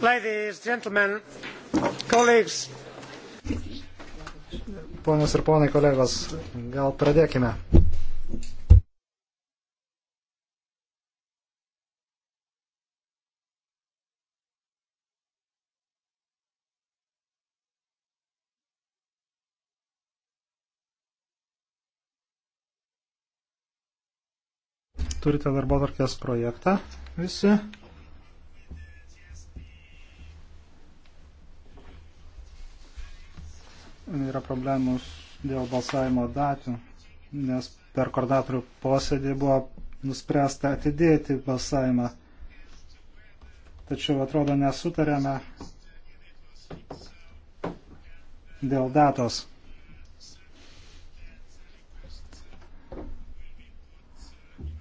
Ladies, gentlemen, colleagues. Ponios ir ponai kolegos, gal pradėkime. turite darbo tvarkės projektą visi. Yra problemų dėl balsavimo datų, nes per koordinatorių posėdį buvo nuspręsta atidėti balsavimą. Tačiau atrodo nesutarėme dėl datos.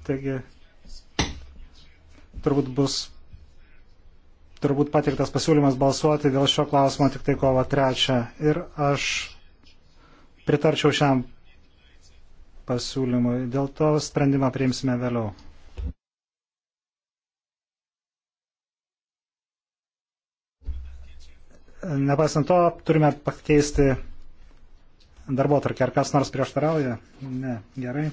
Taigi, turbūt bus turbūt patiktas pasiūlymas balsuoti dėl šio klausimo tik tai kovo trečią. Ir aš pritarčiau šiam pasiūlymui. Dėl to sprendimą priimsime vėliau. Nepaisant to, turime pakeisti darbo tarkį. Ar kas nors prieštarauja? Ne, gerai.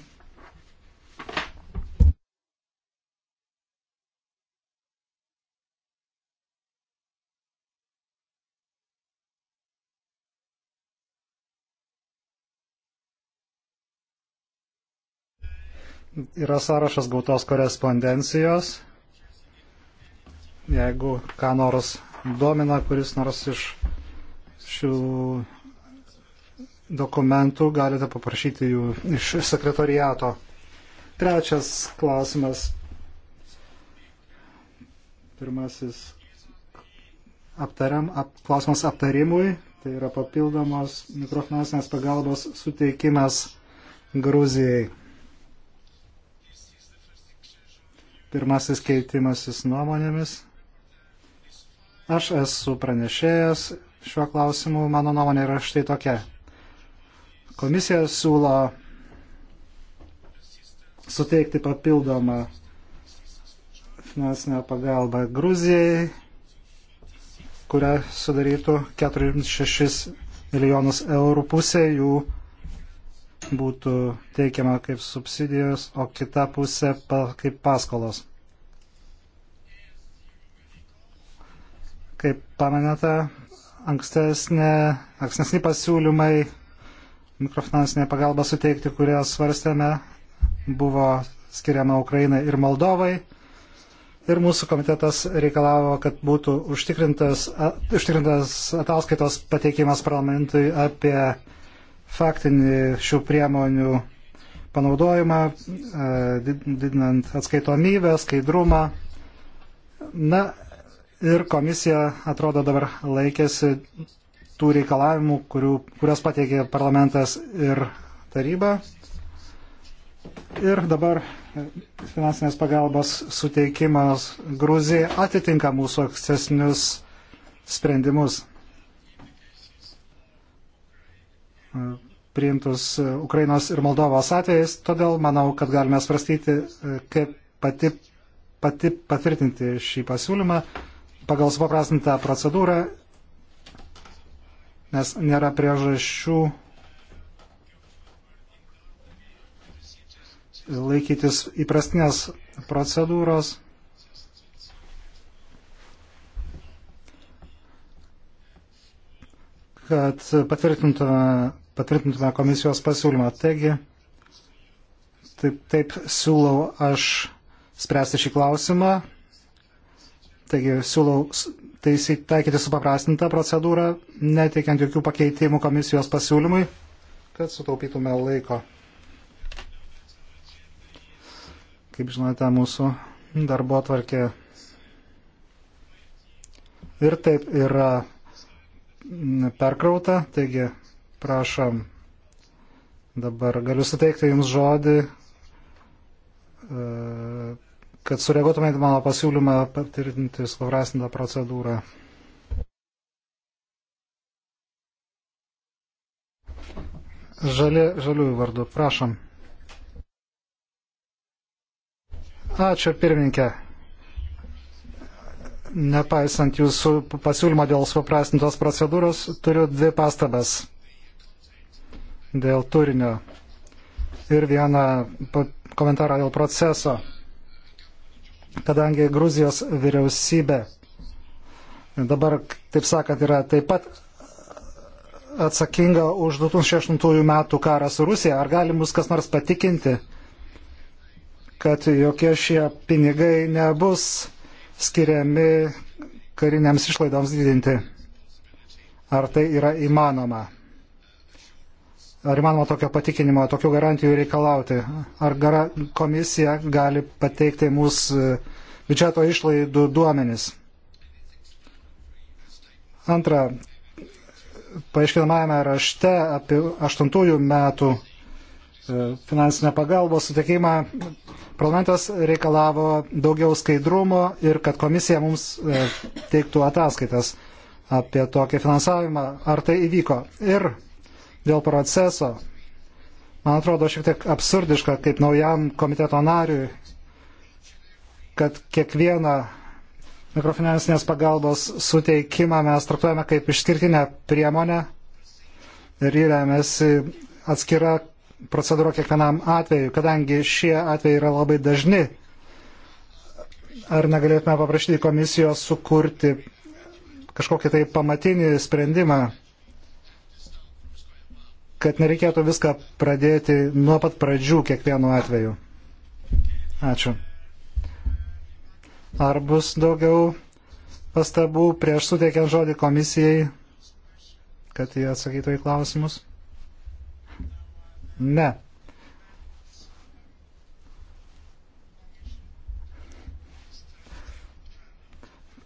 yra sąrašas gautos korespondencijos. Jeigu ką nors domina, kuris nors iš šių dokumentų, galite paprašyti jų iš sekretoriato. Trečias klausimas. Pirmasis aptariam, ap, klausimas aptarimui. Tai yra papildomos mikrofinansinės pagalbos suteikimas Gruzijai. Pirmasis keitimasis nuomonėmis. Aš esu pranešėjas šiuo klausimu, mano nuomonė yra štai tokia. Komisija siūlo suteikti papildomą finansinę pagalbą Gruzijai, kurią sudarytų 46 milijonus eurų pusė jų būtų teikiama kaip subsidijos, o kita pusė pa, kaip paskolos. Kaip pamenate, ankstesnė, ankstesni pasiūlymai mikrofinansinė pagalba suteikti, kurią svarstėme, buvo skiriama Ukrainai ir Moldovai. Ir mūsų komitetas reikalavo, kad būtų užtikrintas, a, užtikrintas ataskaitos pateikimas parlamentui apie faktinį šių priemonių panaudojimą, e, didinant atskaitomybę, skaidrumą. Na ir komisija atrodo dabar laikėsi tų reikalavimų, kurių, kurias pateikė parlamentas ir taryba. Ir dabar finansinės pagalbos suteikimas Gruzijai atitinka mūsų aksesnius sprendimus. priimtus e, Ukrainos ir Moldovos atvejais, todėl manau, kad galime svarstyti, e, kaip pati, pati patvirtinti šį pasiūlymą pagal supaprastintą procedūrą, nes nėra priežasčių laikytis įprastinės procedūros. kad patvirtintume patvirtintume komisijos pasiūlymą. Taigi, taip, taip siūlau aš spręsti šį klausimą. Taigi, siūlau taisyti, taikyti supaprastintą procedūrą, neteikiant jokių pakeitimų komisijos pasiūlymui, kad sutaupytume laiko. Kaip žinote, mūsų darbo atvarkė ir taip yra perkrauta, taigi Prašom. Dabar galiu suteikti Jums žodį, e, kad sureaguotumėte mano pasiūlymą patvirtinti suvrastintą procedūrą. Žali, žaliųjų vardu, prašom. Ačiū pirmininkė. Nepaisant jūsų pasiūlymo dėl suprastintos procedūros, turiu dvi pastabas dėl turinio ir vieną komentarą dėl proceso. Kadangi Gruzijos vyriausybė dabar, taip sakant, yra taip pat atsakinga už 2008 metų karą su Rusija, ar gali mus kas nors patikinti, kad jokie šie pinigai nebus skiriami kariniams išlaidoms didinti? Ar tai yra įmanoma? Ar įmanoma tokio patikinimo, tokių garantijų reikalauti? Ar gara, komisija gali pateikti mūsų e, biudžeto išlaidų duomenis? Antra, paaiškinamajame rašte apie 8 metų e, finansinę pagalbos sutikimą parlamentas reikalavo daugiau skaidrumo ir kad komisija mums e, teiktų ataskaitas apie tokį finansavimą, ar tai įvyko. Ir Dėl proceso, man atrodo šiek tiek absurdiška, kaip naujam komiteto nariui, kad kiekvieną mikrofinansinės pagalbos suteikimą mes traktuojame kaip išskirtinę priemonę ir jį remiasi atskira procedūra kiekvienam atveju, kadangi šie atvejai yra labai dažni. Ar negalėtume paprašyti komisijos sukurti kažkokį tai pamatinį sprendimą, kad nereikėtų viską pradėti nuo pat pradžių kiekvienu atveju. Ačiū. Ar bus daugiau pastabų prieš suteikiant žodį komisijai, kad jie atsakytų į klausimus? Ne.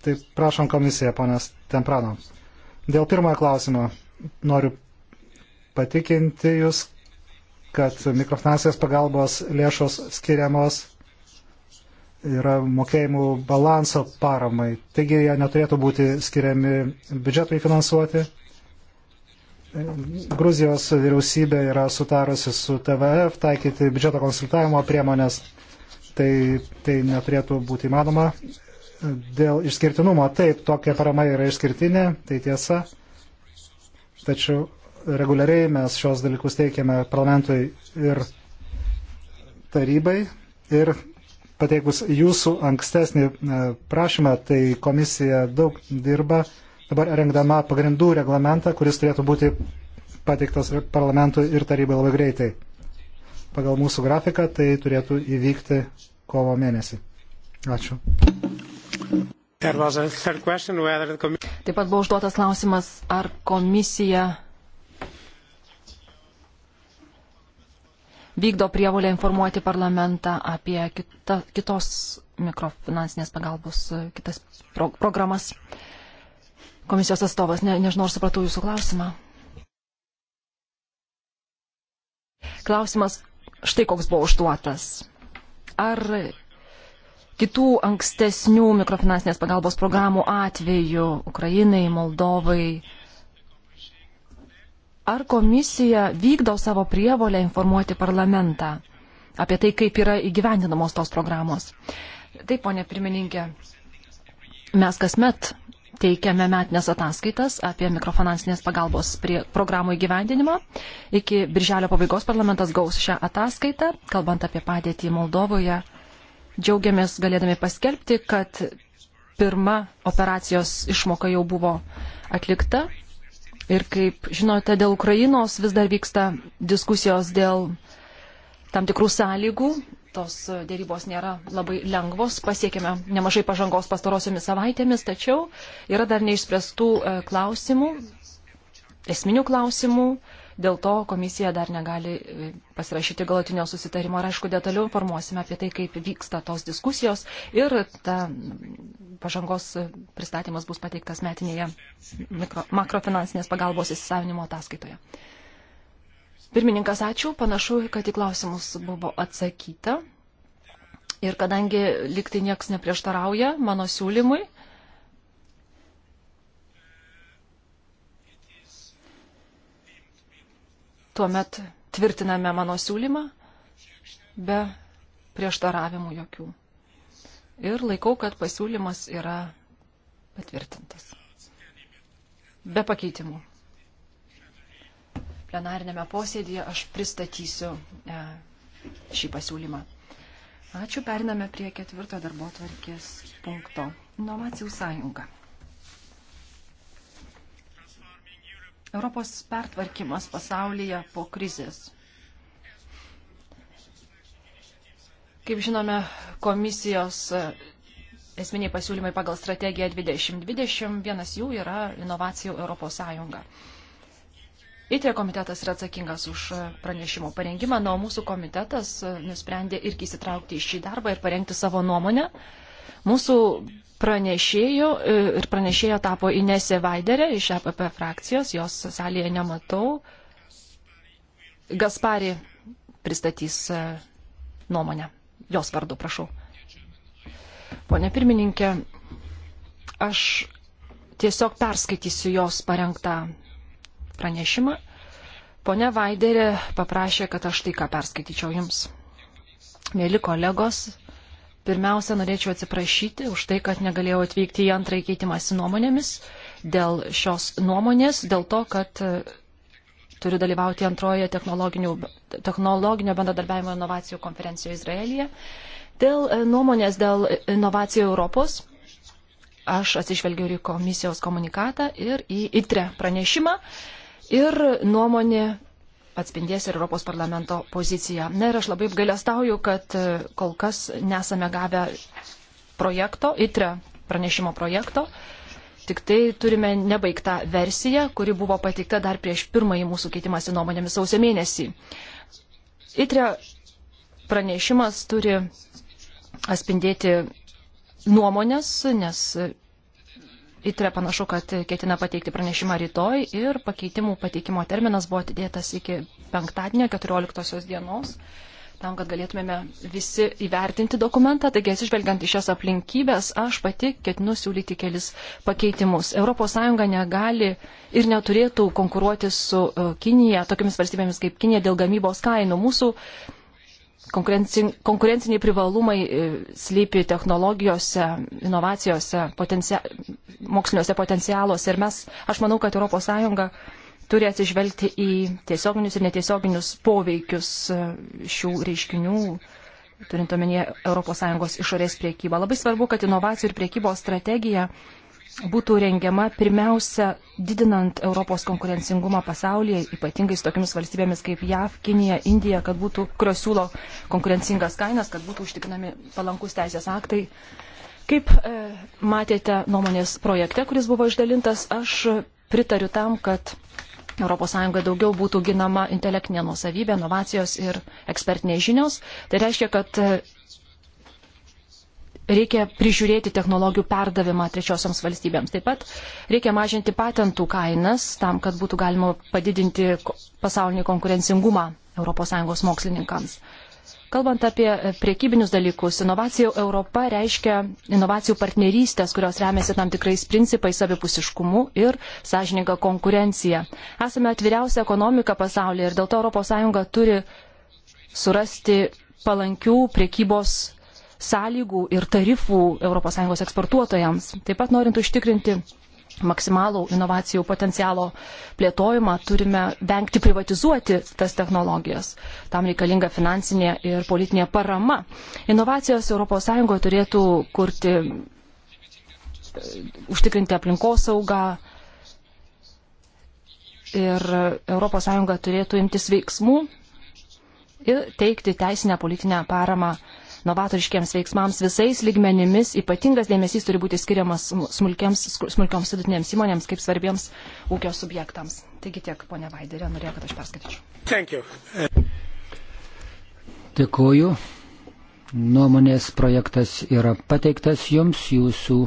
Tai prašom komisiją, ponas Temprano. Dėl pirmojo klausimo noriu patikinti Jūs, kad mikrofinansijos pagalbos lėšos skiriamos yra mokėjimų balanso paramai. Taigi jie neturėtų būti skiriami biudžetui finansuoti. Gruzijos vyriausybė yra sutarusi su TVF taikyti biudžeto konsultavimo priemonės. Tai, tai neturėtų būti įmanoma. Dėl išskirtinumo, taip, tokia parama yra išskirtinė, tai tiesa. Tačiau reguliariai mes šios dalykus teikiame parlamentui ir tarybai. Ir pateikus jūsų ankstesnį e, prašymą, tai komisija daug dirba dabar rengdama pagrindų reglamentą, kuris turėtų būti pateiktas parlamentui ir tarybai labai greitai. Pagal mūsų grafiką tai turėtų įvykti kovo mėnesį. Ačiū. Taip pat buvo užduotas klausimas, ar komisija vykdo prievolę informuoti parlamentą apie kita, kitos mikrofinansinės pagalbos, e, kitas pro, programas. Komisijos atstovas, ne, nežinau, ar supratau jūsų klausimą. Klausimas štai koks buvo užduotas. Ar kitų ankstesnių mikrofinansinės pagalbos programų atveju Ukrainai, Moldovai, Ar komisija vykdo savo prievolę informuoti parlamentą apie tai, kaip yra įgyvendinamos tos programos? Taip, ponė pirmininkė, mes kasmet teikiame metinės ataskaitas apie mikrofinansinės pagalbos prie programų įgyvendinimą. Iki birželio pabaigos parlamentas gaus šią ataskaitą. Kalbant apie padėtį Moldovoje, džiaugiamės galėdami paskelbti, kad pirma operacijos išmoka jau buvo atlikta. Ir kaip žinote, dėl Ukrainos vis dar vyksta diskusijos dėl tam tikrų sąlygų. Tos dėrybos nėra labai lengvos, pasiekėme nemažai pažangos pastarosiomis savaitėmis, tačiau yra dar neišspręstų e, klausimų, esminių klausimų, Dėl to komisija dar negali e, pasirašyti galutinio susitarimo ir aišku detaliau informuosime apie tai, kaip vyksta tos diskusijos ir ta pažangos pristatymas bus pateiktas metinėje mikro, makrofinansinės pagalbos įsisavinimo ataskaitoje. Pirmininkas, ačiū. Panašu, kad į klausimus buvo atsakyta. Ir kadangi liktai nieks neprieštarauja mano siūlymui, Tuomet tvirtiname mano siūlymą be prieštaravimų jokių. Ir laikau, kad pasiūlymas yra patvirtintas. Be pakeitimų. Plenarinėme posėdėje aš pristatysiu e, šį pasiūlymą. Ačiū, periname prie ketvirto darbo tvarkės punkto. Inovacijų sąjunga. Europos pertvarkymas pasaulyje po krizės. Kaip žinome, komisijos esminiai pasiūlymai pagal strategiją 2020, vienas jų yra inovacijų Europos Sąjunga. ITRE komitetas yra atsakingas už pranešimo parengimą, na, o mūsų komitetas nusprendė irgi įsitraukti į šį darbą ir parengti savo nuomonę. Uh, Mūsų pranešėjų e, ir pranešėjo tapo Inesė Vaiderė iš EPP frakcijos, jos salėje nematau. Gaspari pristatys e, nuomonę. Jos vardu, prašau. Pone pirmininkė, aš tiesiog perskaitysiu jos parengtą pranešimą. Pone Vaiderė paprašė, kad aš tai ką perskaityčiau jums. Mėly kolegos, Pirmiausia, norėčiau atsiprašyti už tai, kad negalėjau atvykti į antrąjį keitimąsi nuomonėmis dėl šios nuomonės, dėl to, kad e, turiu dalyvauti antroje technologinio bendradarbiavimo inovacijų konferencijoje Izraelyje. Dėl e, nuomonės dėl inovacijų Europos aš atsižvelgiau ir į komisijos komunikatą, ir į ITRE pranešimą. Ir nuomonė atspindės ir Europos parlamento poziciją. Na ir aš labai apgailestauju, kad e, kol kas nesame gavę projekto, ITRE pranešimo projekto. Tik tai turime nebaigtą versiją, kuri buvo pateikta dar prieš pirmąjį mūsų keitimąsi nuomonėmis sausio mėnesį. ITRE pranešimas turi atspindėti nuomonės, nes Itre panašu, kad ketina pateikti pranešimą rytoj ir pakeitimų pateikimo terminas buvo atidėtas iki penktadienio 14 dienos, tam, kad galėtumėme visi įvertinti dokumentą. Taigi, atsižvelgiant į šias aplinkybės, aš pati ketinu siūlyti kelis pakeitimus. ES negali ir neturėtų konkuruoti su e, Kinija, tokiamis valstybėmis kaip Kinija, dėl gamybos kainų. Mūsų konkurenciniai privalumai e, slypi technologijose, inovacijose, potencia, moksliniuose potencialuose. Ir mes, aš manau, kad ES turi atsižvelgti į tiesioginius ir netiesioginius poveikius e, šių reiškinių, turint omenyje ES išorės priekybą. Labai svarbu, kad inovacijų ir priekybos strategija būtų rengiama pirmiausia didinant Europos konkurencingumą pasaulyje, ypatingai su tokiamis valstybėmis kaip JAV, Kinija, Indija, kad būtų, kurios siūlo konkurencingas kainas, kad būtų užtikrinami palankus teisės aktai. Kaip e, matėte nuomonės projekte, kuris buvo išdalintas, aš pritariu tam, kad ES daugiau būtų ginama intelektinė nuosavybė, inovacijos ir ekspertinės žinios. Tai reiškia, kad reikia prižiūrėti technologijų perdavimą trečiosioms valstybėms. Taip pat reikia mažinti patentų kainas tam, kad būtų galima padidinti pasaulinį konkurencingumą ES mokslininkams. Kalbant apie e, priekybinius dalykus, inovacijų Europa reiškia inovacijų partnerystės, kurios remiasi tam tikrais principais abipusiškumu ir sąžininga konkurencija. Esame atviriausia ekonomika pasaulyje ir dėl to ES turi surasti palankių priekybos sąlygų ir tarifų ES eksportuotojams. Taip pat norint užtikrinti maksimalų inovacijų potencialo plėtojimą, turime vengti privatizuoti tas technologijas. Tam reikalinga finansinė ir politinė parama. Inovacijos ES turėtų kurti, užtikrinti aplinkosaugą ir ES turėtų imtis veiksmų ir teikti teisinę politinę paramą novatoriškiams veiksmams visais lygmenimis. Ypatingas dėmesys turi būti skiriamas smulkiams, smulkioms vidutinėms įmonėms kaip svarbiems ūkio subjektams. Taigi tiek, ponia Vaiderė, norėjau, kad aš perskaityčiau. Dėkuoju. Nuomonės projektas yra pateiktas jums, jūsų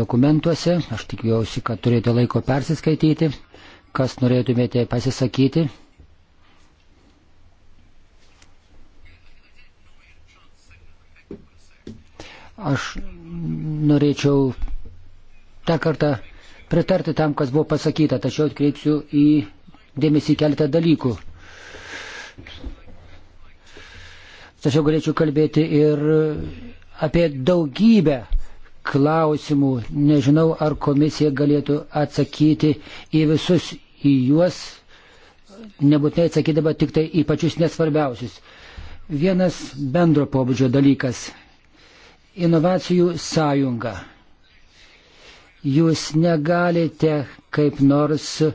dokumentuose. Aš tikiuosi, kad turėjote laiko persiskaityti. Kas norėtumėte pasisakyti? Aš norėčiau tą kartą pritarti tam, kas buvo pasakyta, tačiau atkreipsiu į dėmesį keletą dalykų. Tačiau galėčiau kalbėti ir apie daugybę klausimų. Nežinau, ar komisija galėtų atsakyti į visus į juos, nebūtinai atsakydama tik tai į pačius nesvarbiausius. Vienas bendro pobūdžio dalykas inovacijų sąjunga. Jūs negalite kaip nors uh,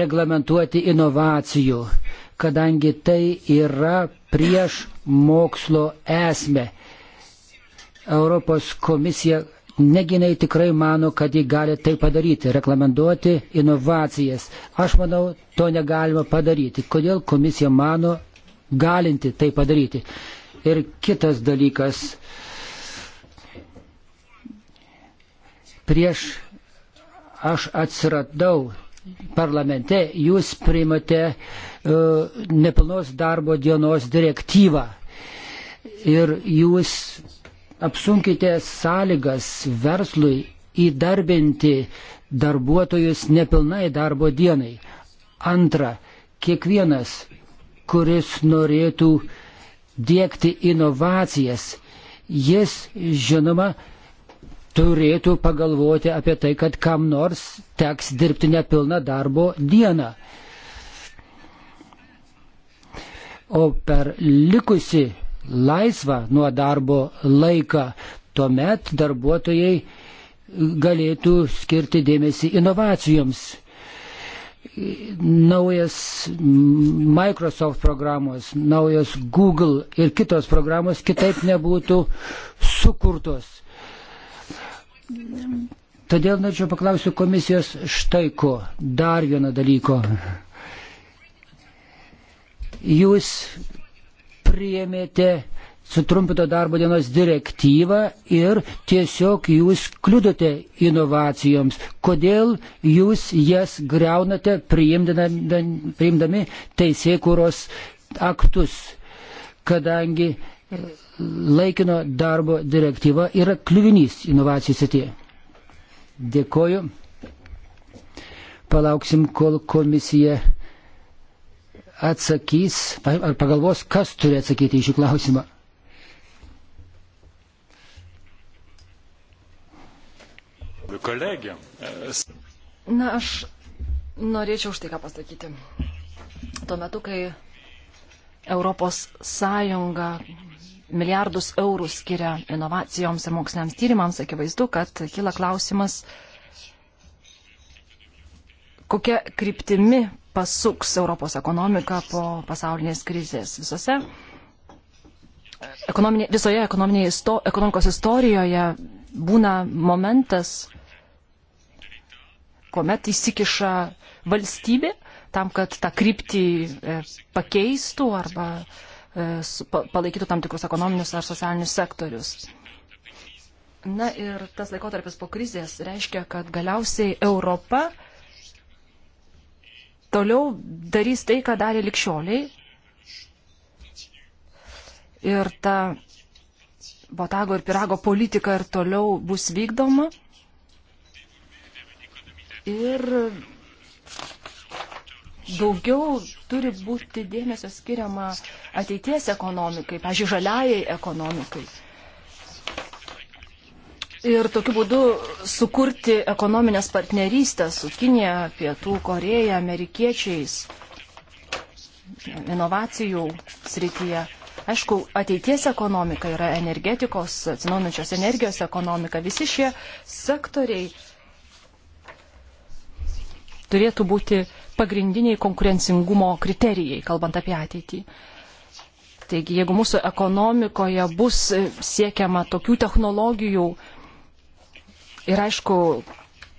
reglamentuoti inovacijų, kadangi tai yra prieš mokslo esmę. Europos komisija neginai tikrai mano, kad ji gali tai padaryti, reglamentuoti inovacijas. Aš manau, to negalima padaryti. Kodėl komisija mano galinti tai padaryti? Ir kitas dalykas, prieš aš atsiradau parlamente, jūs priimate uh, nepilnos darbo dienos direktyvą. Ir jūs apsunkite sąlygas verslui įdarbinti darbuotojus nepilnai darbo dienai. Antra, kiekvienas, kuris norėtų uh, dėkti inovacijas, jis, žinoma, turėtų pagalvoti apie tai, kad kam nors teks dirbti nepilną darbo dieną. O per likusi laisvą nuo darbo laiką tuomet darbuotojai galėtų skirti dėmesį inovacijoms naujas Microsoft programos, naujas Google ir kitos programos kitaip nebūtų sukurtos. Todėl norėčiau paklausiu komisijos štai ko, dar vieno dalyko. Jūs priėmėte sutrumpito darbo dienos direktyvą ir tiesiog jūs kliudote inovacijoms. Kodėl jūs jas greunate priimdami teisėkūros aktus? Kadangi e, laikino darbo direktyva yra kliuvinys inovacijų srityje. Dėkoju. Palauksim, kol komisija atsakys ar pagalvos, kas turi atsakyti į šį klausimą. collègues. Na, aš norėčiau štai ką pasakyti. Tuo metu, kai Europos Sąjunga milijardus eurų skiria inovacijoms ir moksliniams tyrimams, akivaizdu, kad kyla klausimas, kokia kryptimi pasuks Europos ekonomika po pasaulinės krizės. Visose ekonominė, visoje isto, ekonomikos istorijoje būna momentas, kuomet įsikiša valstybė tam, kad tą kryptį e, pakeistų arba e, palaikytų tam tikrus ekonominius ar socialinius sektorius. Na ir tas laikotarpis po krizės reiškia, kad galiausiai Europa toliau darys tai, ką darė likščioliai. Ir ta botago ir pirago politika ir toliau bus vykdoma ir daugiau turi būti dėmesio skiriama ateities ekonomikai, pažiūrėjau, žaliajai ekonomikai. Ir tokiu būdu sukurti ekonominės partnerystės su Kinija, Pietų Koreja, amerikiečiais, inovacijų srityje. Aišku, ateities ekonomika yra energetikos, atsinaujančios energijos ekonomika. Visi šie sektoriai turėtų būti pagrindiniai konkurencingumo kriterijai, kalbant apie ateitį. Taigi, jeigu mūsų ekonomikoje bus siekiama tokių technologijų ir aišku,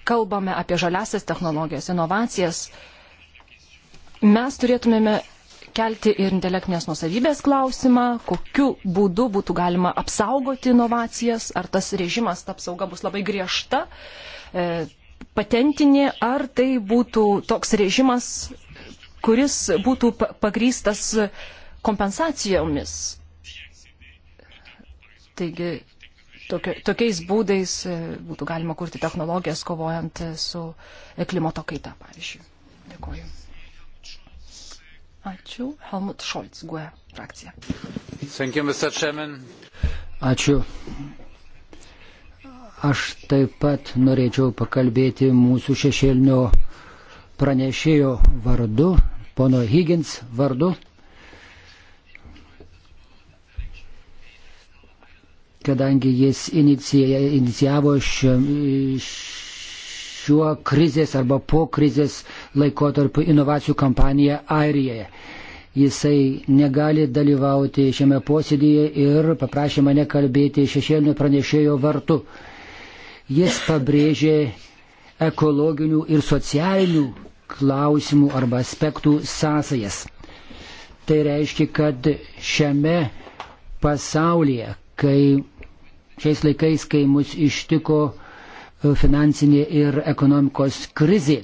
kalbame apie žaliasias technologijas, inovacijas, mes turėtumėme kelti ir intelektinės nusavybės klausimą, kokiu būdu būtų galima apsaugoti inovacijas, ar tas režimas, ta apsauga bus labai griežta, e, patentinė, ar tai būtų toks režimas, kuris būtų pagrystas kompensacijomis. Taigi tokia, tokiais būdais e, būtų galima kurti technologijas kovojant e, su e, klimato kaita, pavyzdžiui. Dėkuoju. Ačiū. Helmut Scholz, GUE frakcija. Ačiū. Aš taip pat norėčiau pakalbėti mūsų šešėlinio pranešėjo vardu, pono Higgins vardu, kadangi jis inicija, inicijavo šiuo krizės arba po krizės laikotarpiu inovacijų kampaniją Airijoje. Jisai negali dalyvauti šiame posėdėje ir paprašė mane kalbėti šešėlinio pranešėjo vartu. Jis pabrėžė ekologinių ir socialinių klausimų arba aspektų sąsajas. Tai reiškia, kad šiame pasaulyje, kai šiais laikais, kai mus ištiko e, finansinė ir ekonomikos krizė,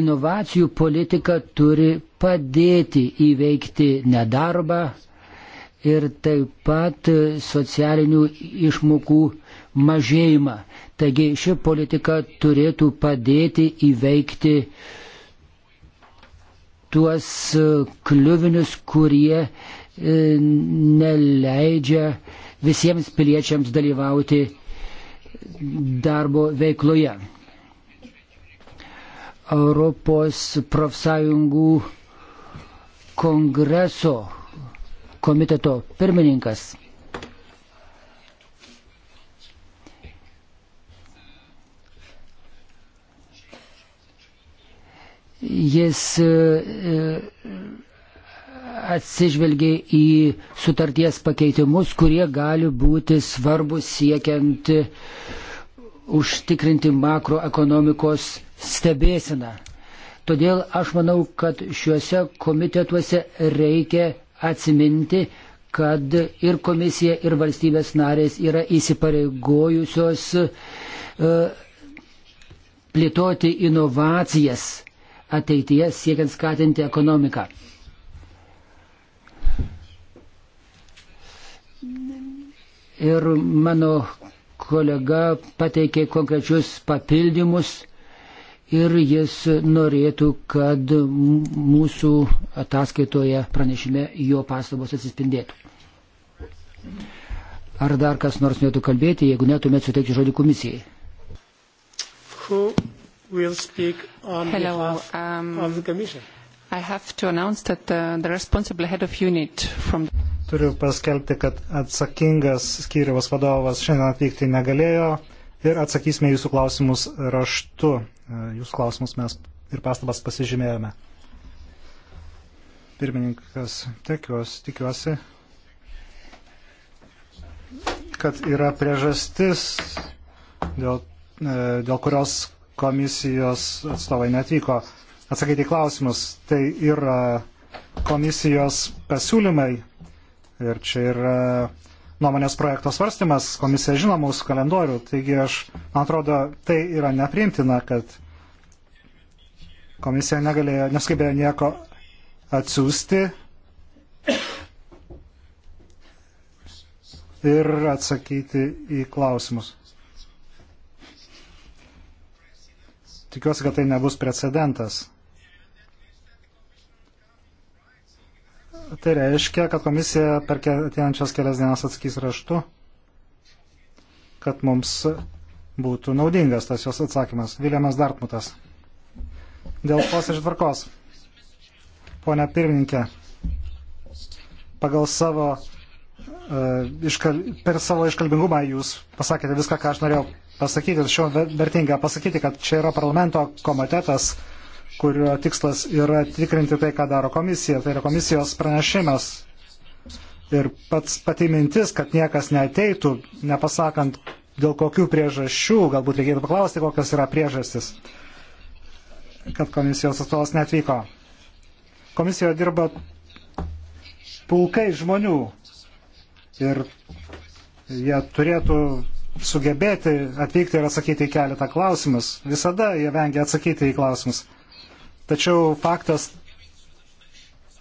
inovacijų politika turi padėti įveikti nedarbą ir taip pat e, socialinių išmokų mažėjimą. Taigi ši politika turėtų padėti įveikti tuos e, kliuvinius, kurie e, neleidžia visiems piliečiams dalyvauti darbo veikloje. Europos profsąjungų kongreso komiteto pirmininkas Jis e, e, atsižvelgia į sutarties pakeitimus, kurie gali būti svarbus siekiant užtikrinti makroekonomikos stebėsiną. Todėl aš manau, kad šiuose komitetuose reikia atsiminti, kad ir komisija, ir valstybės narės yra įsipareigojusios e, plėtoti inovacijas ateityje siekiant skatinti ekonomiką. Ir mano kolega pateikė konkrečius papildymus ir jis norėtų, kad mūsų ataskaitoje pranešime jo pastabos atsispindėtų. Ar dar kas nors norėtų kalbėti, jeigu netumėt suteikti žodį komisijai? Cool will speak on Hello, behalf um, of the Commission. I have to announce that uh, the responsible head of unit from Turiu paskelbti, kad atsakingas skyriaus vadovas šiandien atvykti negalėjo ir atsakysime jūsų klausimus raštu. E, jūsų klausimus mes ir pastabas pasižymėjome. Pirmininkas, tikiuosi, tikiuosi kad yra priežastis, dėl, e, dėl kurios komisijos atstovai netvyko atsakyti klausimus. Tai yra komisijos pasiūlymai ir čia yra nuomonės projekto svarstymas, komisija žino mūsų kalendorių, taigi aš, man atrodo, tai yra nepriimtina, kad komisija negalėjo, nesugebėjo nieko atsiųsti ir atsakyti į klausimus. tikiuosi, kad tai nebus precedentas. Tai reiškia, kad komisija per ateinančias kelias dienas atsakys raštu, kad mums būtų naudingas tas jos atsakymas. Viljamas Dartmutas. Dėl posėdžio tvarkos. Pone pirmininkė, pagal savo, uh, iškal, per savo iškalbingumą jūs pasakėte viską, ką aš norėjau pasakyti, šio vertinga pasakyti, kad čia yra parlamento komitetas, kurio tikslas yra tikrinti tai, ką daro komisija. Tai yra komisijos pranešimas. Ir pats pati mintis, kad niekas neteitų, nepasakant, dėl kokių priežasčių, galbūt reikėtų paklausti, kokios yra priežastis, kad komisijos atstovas netvyko. Komisijoje dirba pulkai žmonių ir jie turėtų sugebėti atvykti ir atsakyti į keletą klausimus. Visada jie vengia atsakyti į klausimus. Tačiau faktas,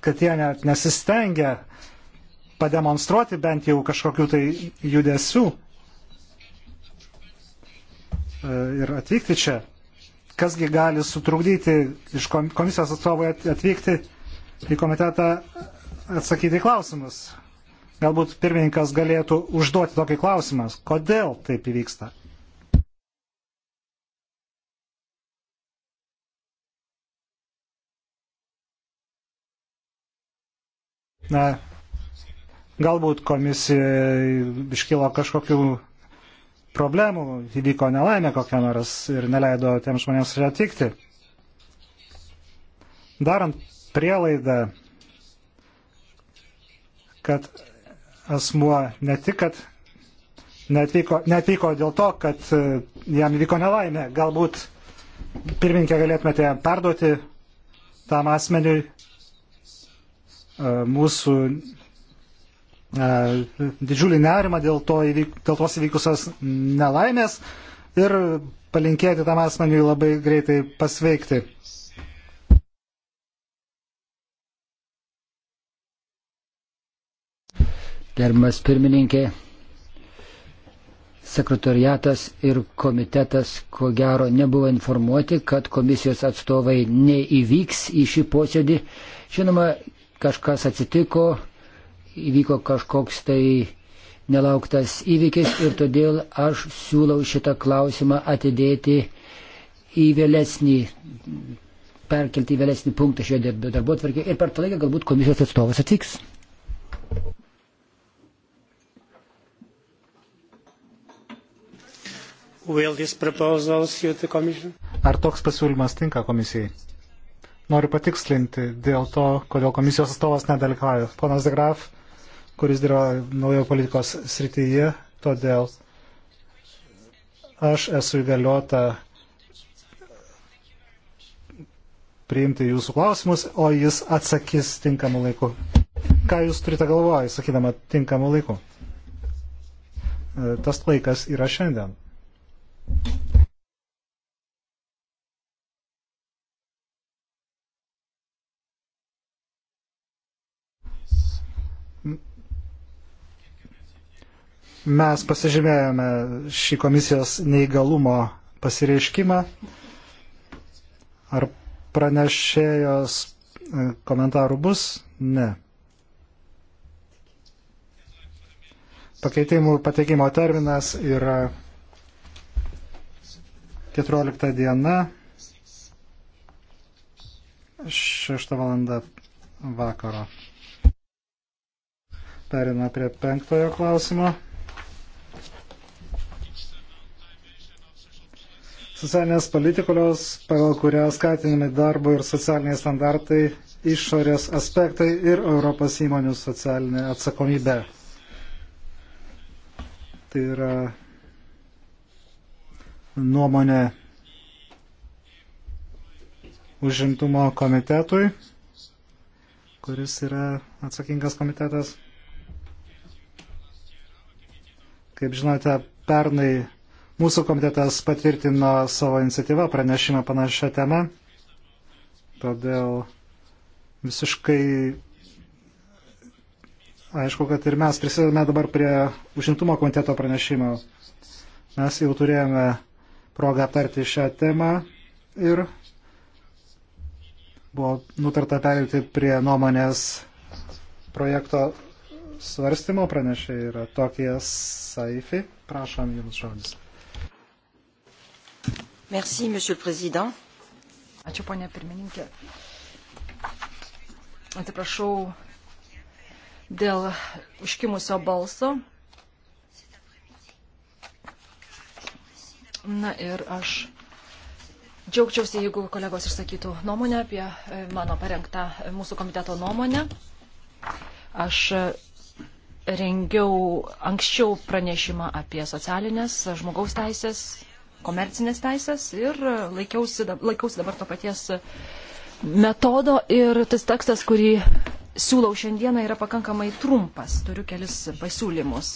kad jie net nesistengia pademonstruoti bent jau kažkokių tai judesių e, ir atvykti čia, kasgi gali sutrukdyti iš komisijos atstovai atvykti į komitetą atsakyti klausimus. Galbūt pirmininkas galėtų užduoti tokį klausimą, kodėl taip įvyksta. Na, galbūt komisijoje iškilo kažkokių problemų, įvyko nelaimė kokia nors ir neleido tiem žmonėms atvykti. Darant prielaidą, kad asmuo ne tik, kad netvyko, netvyko dėl to, kad e, jam įvyko nelaimė. Galbūt pirmininkė galėtumėte perduoti tam asmeniui e, mūsų e, didžiulį nerimą dėl, to, įvyk, dėl tos įvykusios nelaimės ir palinkėti tam asmeniui labai greitai pasveikti. Gerbiamas pirmininkė, sekretoriatas ir komitetas ko gero nebuvo informuoti, kad komisijos atstovai neįvyks į šį posėdį. Žinoma, kažkas atsitiko, įvyko kažkoks tai nelauktas įvykis ir todėl aš siūlau šitą klausimą atidėti į vėlesnį, perkelti į vėlesnį punktą šioje darbo tvarkėje ir per tą laiką galbūt komisijos atstovas atvyks. Ar toks pasiūlymas tinka komisijai? Noriu patikslinti dėl to, kodėl komisijos atstovas nedalyvauja. Ponas Degraf, kuris dirba naujo politikos srityje, todėl aš esu įgaliota priimti jūsų klausimus, o jis atsakys tinkamu laiku. Ką jūs turite galvoje, sakydama tinkamu laiku? E, tas laikas yra šiandien. Mes pasižymėjome šį komisijos neįgalumo pasireiškimą ar pranešėjos e, komentarų bus? Ne. Pakeitimų pateikimo terminas yra 14 diena, 6 valanda vakaro. Perina prie penktojo klausimo. Socialinės politikos, pagal kurią skatinami darbo ir socialiniai standartai, išorės aspektai ir Europos įmonių socialinė atsakomybė. Tai yra nuomonę užimtumo komitetui, kuris yra atsakingas komitetas. Kaip žinote, pernai mūsų komitetas patvirtino savo iniciatyvą pranešimą panašią temą, todėl visiškai aišku, kad ir mes prisidedame dabar prie užimtumo komiteto pranešimo. Mes jau turėjome progą aptarti šią temą ir buvo nutarta perėti prie nuomonės projekto svarstymo pranešė yra tokie Saifi. Prašom Jums žodis. Merci, Monsieur Président. Ačiū, ponė pirmininkė. Atsiprašau dėl užkimusio balso, Na ir aš džiaugčiausi, jeigu kolegos išsakytų nuomonę apie e, mano parengtą e, mūsų komiteto nuomonę. Aš e, rengiau anksčiau pranešimą apie socialinės, žmogaus teisės, komercinės teisės ir laikiausi, laikiausi dabar to paties metodo ir tas tekstas, kurį siūlau šiandieną, yra pakankamai trumpas. Turiu kelis pasiūlymus.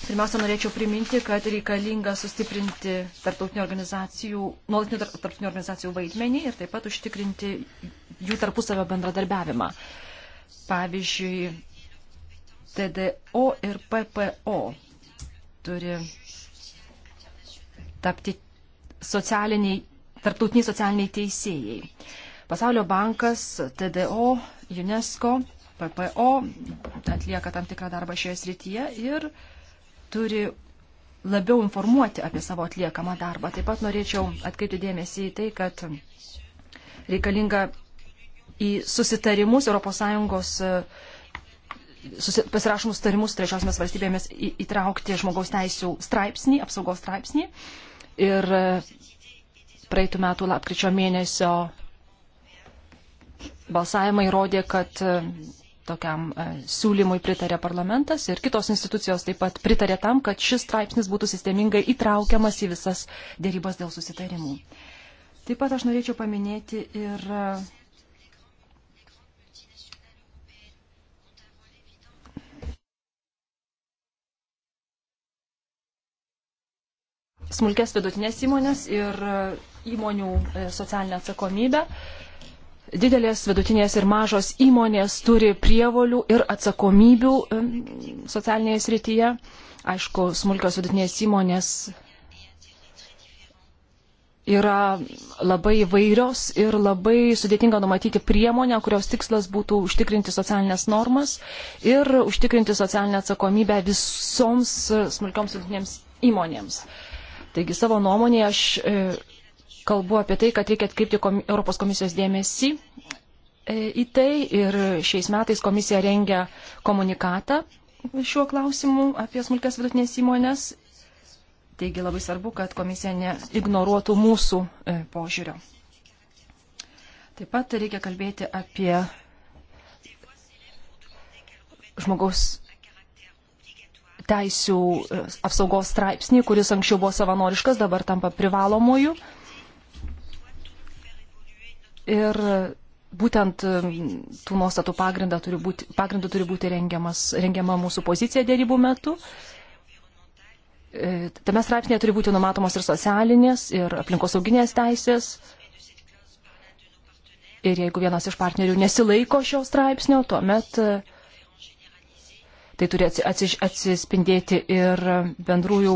Pirmiausia, norėčiau priminti, kad reikalinga sustiprinti tarptautinių organizacijų, nuolatinių tarptautinių organizacijų vaidmenį ir taip pat užtikrinti jų tarpusavio bendradarbiavimą. Pavyzdžiui, TDO ir PPO turi tapti socialiniai, tarptautiniai socialiniai teisėjai. Pasaulio bankas, TDO, UNESCO, PPO atlieka tam tikrą darbą šioje srityje ir turi labiau informuoti apie savo atliekamą darbą. Taip pat norėčiau atkreipti dėmesį į tai, kad reikalinga į susitarimus ES e, pasirašomus tarimus trečiosiomis valstybėmis įtraukti žmogaus teisų straipsnį, apsaugos straipsnį. Ir e, praeitų metų lapkričio mėnesio balsavimai rodė, kad e, tokiam e, siūlymui pritarė parlamentas ir kitos institucijos taip pat pritarė tam, kad šis straipsnis būtų sistemingai įtraukiamas į visas dėrybas dėl susitarimų. Taip pat aš norėčiau paminėti ir e, smulkės vidutinės įmonės ir e, įmonių socialinę atsakomybę. Uh, didelės, vidutinės ir mažos įmonės turi prievolių ir atsakomybių socialinėje srityje. Aišku, smulkios vidutinės įmonės yra labai įvairios ir labai sudėtinga numatyti priemonę, kurios tikslas būtų užtikrinti socialinės normas ir užtikrinti socialinę atsakomybę visoms smulkioms vidutinėms įmonėms. Taigi savo nuomonėje aš e, kalbu apie tai, kad reikia atkreipti kom Europos komisijos dėmesį e, į tai ir šiais metais komisija rengia komunikatą šiuo klausimu apie smulkės vidutinės įmonės. Taigi labai svarbu, kad komisija neignoruotų mūsų e, požiūrio. Taip pat reikia kalbėti apie žmogaus teisų e, apsaugos straipsnį, kuris anksčiau buvo savanoriškas, dabar tampa privalomuoju. Ir būtent um, tų nuostatų pagrindu turi būti, pagrindu turi būti rengiamas, rengiama mūsų pozicija dėrybų metu. E, tame straipsnėje turi būti numatomos ir socialinės, ir aplinkosauginės teisės. Ir jeigu vienas iš partnerių nesilaiko šio straipsnio, tuomet e, tai turi atsispindėti ir bendrųjų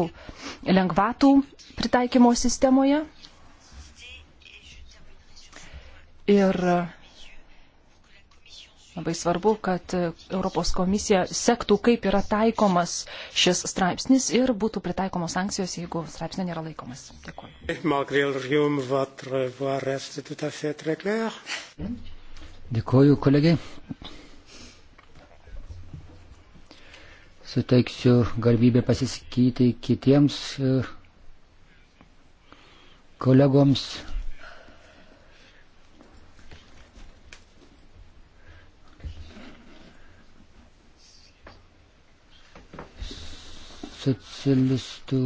lengvatų pritaikymo sistemoje. Ir labai svarbu, kad Europos komisija sektų, kaip yra taikomas šis straipsnis ir būtų pritaikomos sankcijos, jeigu straipsnė nėra laikomas. Dėkuoju. Dėkuoju, kolegai. Suteiksiu garbybę pasiskyti kitiems e, kolegoms Socialistų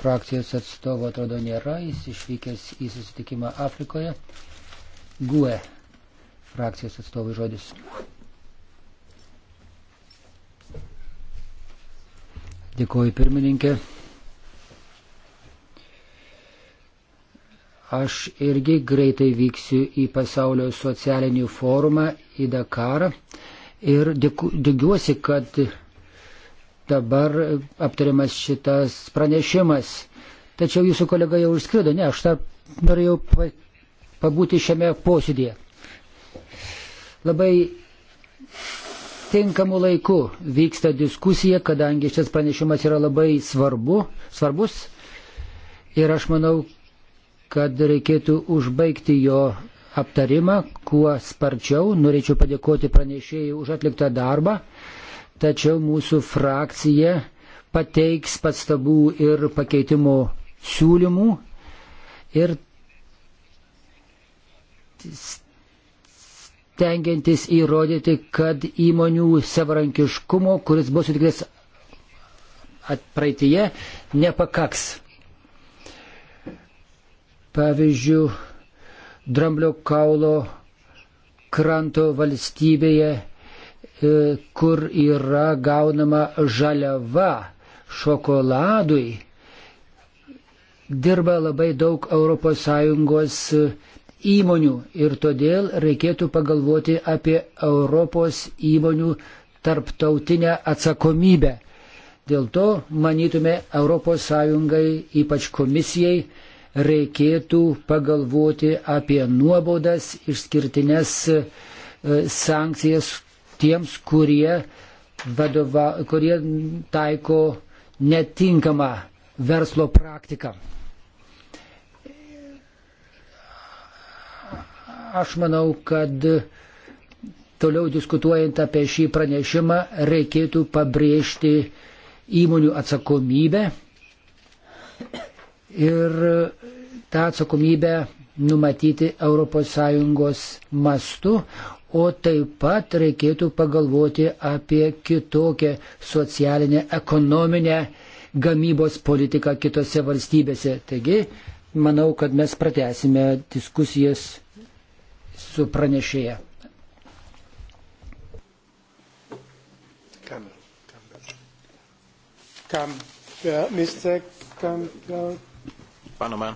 frakcijos atstovo atrodo nėra, jis išvykęs į susitikimą Afrikoje. GUE frakcijos atstovai žodis. Dėkuoju pirmininkė. Aš irgi greitai vyksiu į pasaulio socialinį forumą į Dakarą ir dėku, dėgiuosi, kad dabar aptariamas šitas pranešimas. Tačiau jūsų kolega jau išskrido, ne, aš tą norėjau pabūti šiame posėdėje. Labai tinkamu laiku vyksta diskusija, kadangi šis pranešimas yra labai svarbu, svarbus ir aš manau, kad reikėtų užbaigti jo aptarimą kuo sparčiau. Norėčiau padėkoti pranešėjai už atliktą darbą tačiau mūsų frakcija pateiks pastabų ir pakeitimo siūlymų ir tengiantis įrodyti, kad įmonių savarankiškumo, kuris bus sutiktas praeitie, nepakaks. Pavyzdžiui, dramblio kaulo kranto valstybėje E, kur yra gaunama žaliava šokoladui, dirba labai daug ES įmonių ir todėl reikėtų pagalvoti apie Europos įmonių tarptautinę atsakomybę. Dėl to, manytume, ES, ypač komisijai, reikėtų pagalvoti apie nuobaudas, išskirtines e, sankcijas, tiems, kurie, vadova, kurie taiko netinkamą verslo praktiką. Aš manau, kad toliau diskutuojant apie šį pranešimą reikėtų pabrėžti įmonių atsakomybę ir tą atsakomybę numatyti ES mastu, o taip pat reikėtų pagalvoti apie kitokią socialinę, ekonominę gamybos politiką kitose valstybėse. Taigi, manau, kad mes pratesime diskusijas su pranešėja. Kam, Mr. Kam, Panama.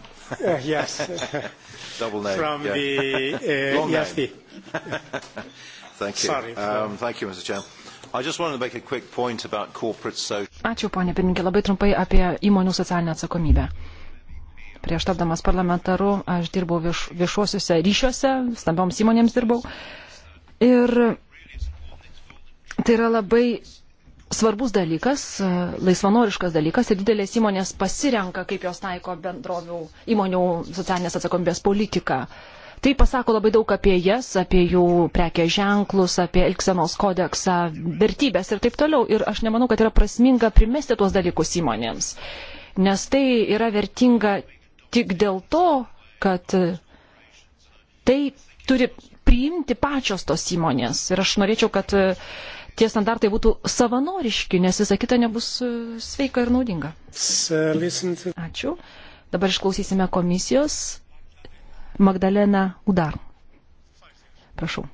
Uh, yes. Double name. From yeah. the uh, Long EFD. Name. thank you. Sorry, uh, um, thank you, Mr. Chairman. Ačiū, ponė pirmininkė, labai trumpai apie įmonių socialinę atsakomybę. Prieš tapdamas parlamentaru aš dirbau vieš, viešuosiuose ryšiuose, stambioms įmonėms dirbau. Ir tai yra labai svarbus dalykas, laisvanoriškas dalykas ir didelės įmonės pasirenka, kaip jos taiko bendrovių įmonių socialinės atsakomybės politiką. Uh, Tai pasako labai daug apie jas, apie jų prekės ženklus, apie Elksenos kodeksą, vertybės ir taip toliau. Ir aš nemanau, kad yra prasminga primesti tuos dalykus įmonėms, nes tai yra vertinga tik dėl to, kad tai turi priimti pačios tos įmonės. Ir aš norėčiau, kad tie standartai būtų savanoriški, nes visa kita nebus e, sveika ir naudinga. Ačiū. Dabar išklausysime komisijos Magdalena Udar. Prašau.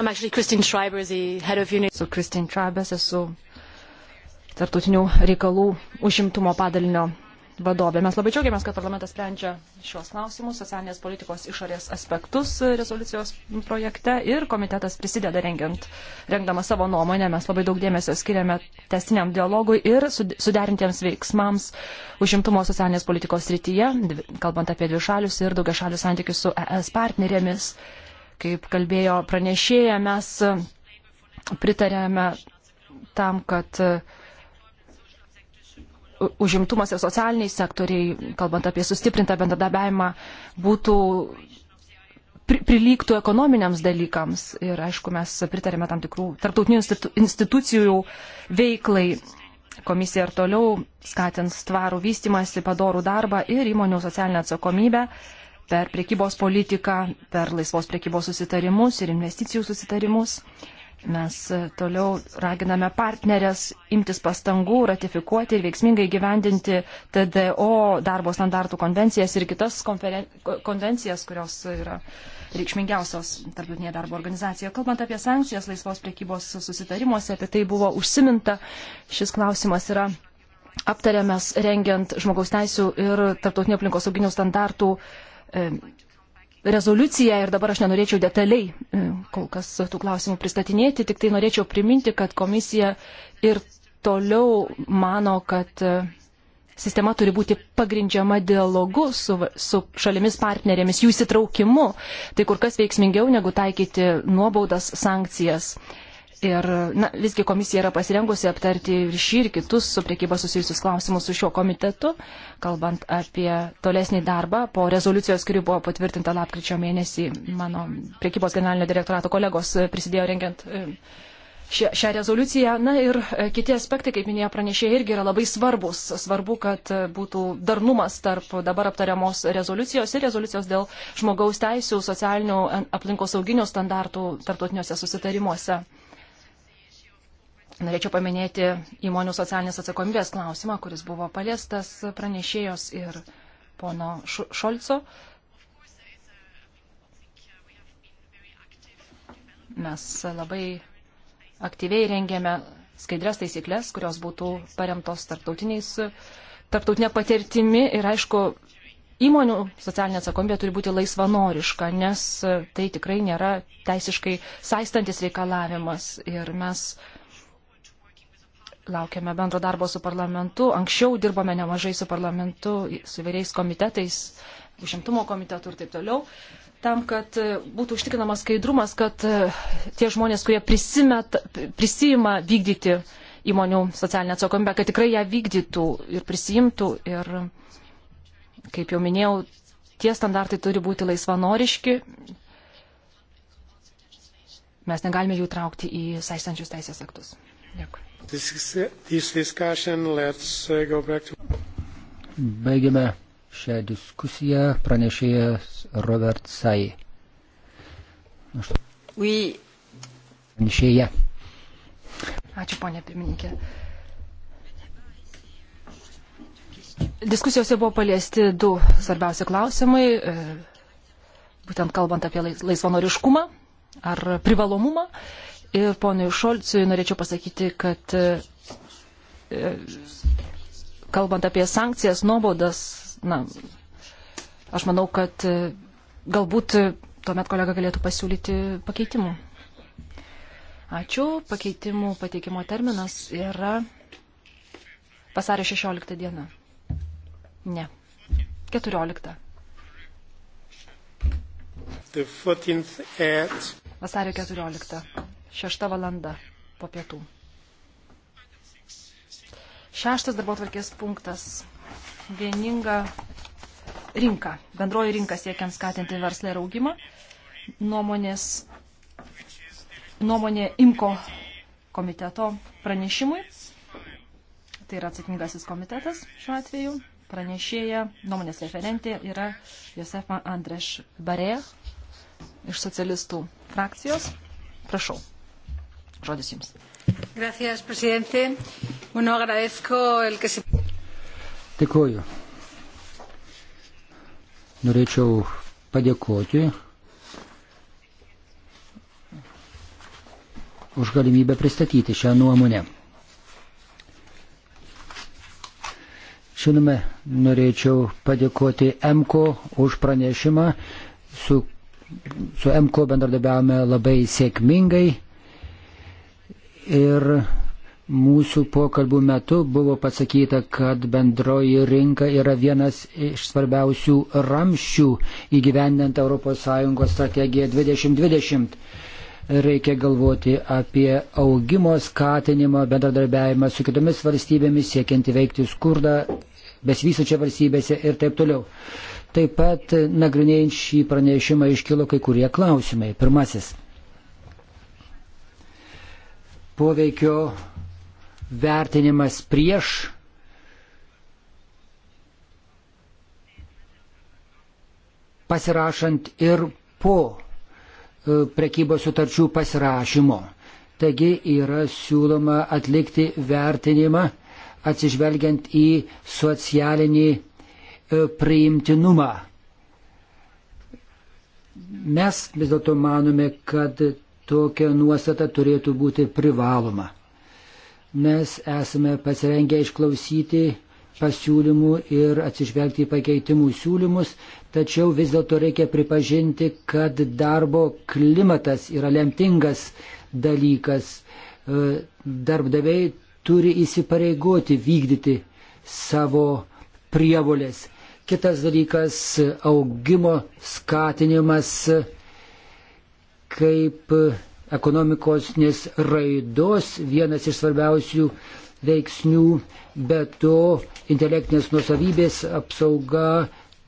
I'm actually Christine Schreiber, the head of unit. Su Christine Schreiber esu tartutinių reikalų užimtumo padalinio vadovė. Mes labai džiaugiamės, kad parlamentas sprendžia šios klausimus, socialinės politikos išorės aspektus rezoliucijos projekte ir komitetas prisideda rengiant, rengdama savo nuomonę. Mes labai daug dėmesio skiriame testiniam dialogui ir suderintiems veiksmams užimtumo socialinės politikos rytyje, kalbant apie dvišalius ir daugiašalius santykius su ES partnerėmis. Kaip kalbėjo pranešėja, mes pritarėme tam, kad uh, užimtumas ir socialiniai sektoriai, kalbant apie sustiprintą bendradarbiavimą, būtų prilygtų ekonominiams dalykams. Ir aišku, mes pritarėme tam tikrų tarptautinių institucijų veiklai. Komisija ir toliau skatins tvarų vystimąsi, padorų darbą ir įmonių socialinę atsakomybę per priekybos politiką, per laisvos priekybos susitarimus ir investicijų susitarimus. Mes toliau raginame partnerės imtis pastangų ratifikuoti ir veiksmingai gyvendinti TDO darbo standartų konvencijas ir kitas konferen... konvencijas, kurios yra reikšmingiausios tarptautinėje darbo organizacijoje. Kalbant apie sankcijas laisvos priekybos susitarimuose, apie tai buvo užsiminta. Šis klausimas yra aptariamas rengiant žmogaus teisų ir tarptautinio aplinkosauginių standartų rezoliuciją ir dabar aš nenorėčiau detaliai e, kol kas tų klausimų pristatinėti, tik tai norėčiau priminti, kad komisija ir toliau mano, kad e, sistema turi būti pagrindžiama dialogu su, su šalimis partnerėmis, jų įsitraukimu, tai kur kas veiksmingiau negu taikyti nuobaudas, sankcijas. Uh, Ir na, visgi komisija yra pasirengusi aptarti ir šį ir kitus su priekyba susijusius klausimus su šiuo komitetu, kalbant apie tolesnį darbą. Po rezoliucijos, kuri buvo patvirtinta lapkričio mėnesį, mano priekybos generalinio direktorato kolegos prisidėjo rengiant e, šią, šią rezoliuciją. Na ir e, kiti aspektai, kaip minėjo pranešėjai, irgi yra labai svarbus. Svarbu, kad e, būtų darnumas tarp dabar aptariamos rezoliucijos ir rezoliucijos dėl žmogaus teisų, socialinių aplinkosauginių standartų tarptautiniuose susitarimuose. Norėčiau paminėti įmonių socialinės atsakomybės klausimą, kuris buvo paliestas pranešėjos ir pono Šolco. Mes labai aktyviai rengėme skaidrės taisyklės, kurios būtų paremtos tarptautinė patirtimi ir aišku, įmonių socialinė atsakomybė turi būti laisvanoriška, nes tai tikrai nėra teisiškai saistantis reikalavimas ir mes laukiame bendro darbo su parlamentu. Anksčiau dirbome nemažai su parlamentu, su įvairiais komitetais, užimtumo komitetu ir taip toliau, tam, kad e, būtų užtikrinamas skaidrumas, kad e, tie žmonės, kurie prisimet, prisima vykdyti įmonių socialinę atsakomybę, kad tikrai ją vykdytų ir prisijimtų. Ir, kaip jau minėjau, tie standartai turi būti laisvanoriški. Mes negalime jų traukti į saistančius teisės aktus. Dėkui this, this discussion. Let's uh, go back to. Baigime šią diskusiją pranešėjas Robert Sai. Aš... Oui. Pranešėja. Ačiū, ponė pirmininkė. Diskusijose buvo paliesti du svarbiausi klausimai, e, būtent kalbant apie laisvanoriškumą ar privalomumą. Ir ponui Šolcui norėčiau pasakyti, kad e, kalbant apie sankcijas, nuobodas, na, aš manau, kad e, galbūt e, tuomet kolega galėtų pasiūlyti pakeitimų. Ačiū. Pakeitimų pateikimo terminas yra vasario 16 diena. Ne. 14. Vasario 14. 6 valanda po pietų. Šeštas darbo tvarkės punktas. Vieninga rinka. Bendroji rinka siekiant skatinti verslą ir augimą. Nuomonės, nuomonė IMKO komiteto pranešimui. Tai yra atsakingasis komitetas šiuo atveju. Pranešėja, nuomonės referentė yra Josefa Andreš Barė iš socialistų frakcijos. Prašau. Žodis Jums. Gracias, presidente. Bueno, agradezco el que se... Dėkuoju. Norėčiau padėkoti už galimybę pristatyti šią nuomonę. Žinome, norėčiau padėkoti MKO už pranešimą. Su, su MKO bendradarbiavome labai sėkmingai ir mūsų pokalbų metu buvo pasakyta, kad bendroji rinka yra vienas iš svarbiausių ramščių įgyvendinant ES strategiją 2020. Reikia galvoti apie augimo skatinimą, bendradarbiavimą su kitomis valstybėmis, siekiant įveikti skurdą besivysančią valstybėse ir taip toliau. Taip pat nagrinėjant šį pranešimą iškilo kai kurie klausimai. Pirmasis poveikio vertinimas prieš pasirašant ir po e, prekybos sutarčių pasirašymo. Taigi yra siūloma atlikti vertinimą atsižvelgiant į socialinį e, priimtinumą. Mes vis dėlto manome, kad tokia nuostata turėtų būti privaloma. Mes esame pasirengę išklausyti pasiūlymų ir atsižvelgti į pakeitimų siūlymus, tačiau vis dėlto reikia pripažinti, kad darbo klimatas yra lemtingas dalykas. E, darbdaviai turi įsipareigoti vykdyti savo prievolės. Kitas dalykas - augimo skatinimas kaip ekonomikos nes raidos vienas iš svarbiausių veiksnių, bet to intelektinės nusavybės apsauga,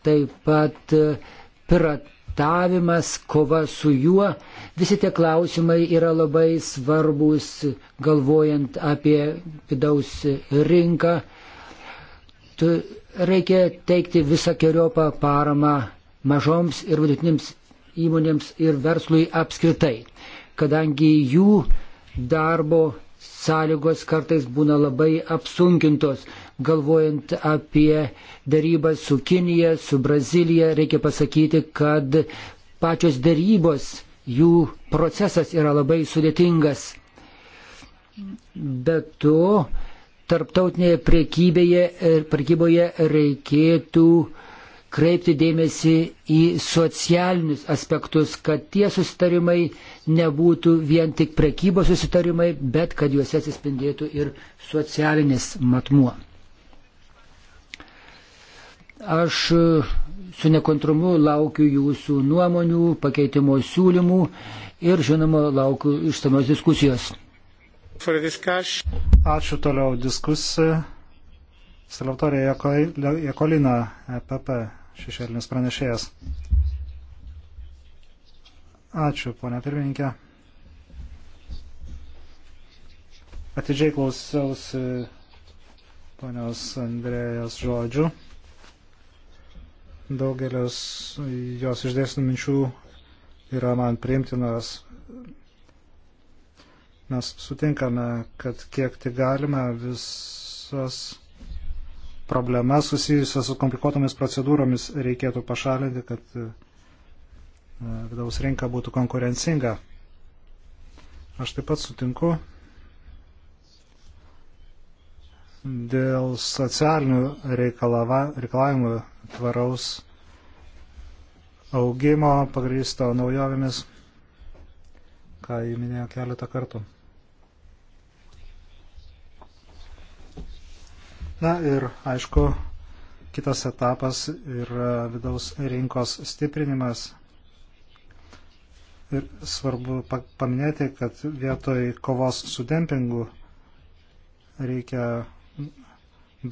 taip pat piratavimas, kova su juo. Visi tie klausimai yra labai svarbus, galvojant apie vidaus rinką. Tu reikia teikti visą keriopą paramą mažoms ir vidutinėms įmonėms ir verslui apskritai, kadangi jų darbo sąlygos kartais būna labai apsunkintos, galvojant apie darybą su Kinija, su Brazilija, reikia pasakyti, kad pačios darybos, jų procesas yra labai sudėtingas. Be to, tarptautinėje e, prekyboje reikėtų uh, kreipti dėmesį į socialinius aspektus, kad tie susitarimai nebūtų vien tik prekybos susitarimai, bet kad juose atsispindėtų ir socialinis matmuo. Aš e, su nekontrumu laukiu jūsų nuomonių, pakeitimo siūlymų ir, žinoma, laukiu išsamios diskusijos. Ačiū toliau diskusija. Salvatore Jekolina, EPP šešėlinis pranešėjas. Ačiū, ponia pirmininkė. Atidžiai klausiausi ponios Andrėjas žodžių. Daugelis jos išdėstų minčių yra man priimtinas. Mes sutinkame, kad kiek tik galime visas problemas susijusias su komplikuotomis procedūromis reikėtų pašalinti, kad e, vidaus rinka būtų konkurencinga. Aš taip pat sutinku dėl socialinių reikalavimų tvaraus augimo pagrysto naujovėmis, ką įminėjo keletą kartų. Na ir aišku, kitas etapas yra vidaus rinkos stiprinimas. Ir svarbu paminėti, kad vietoj kovos su dempingu reikia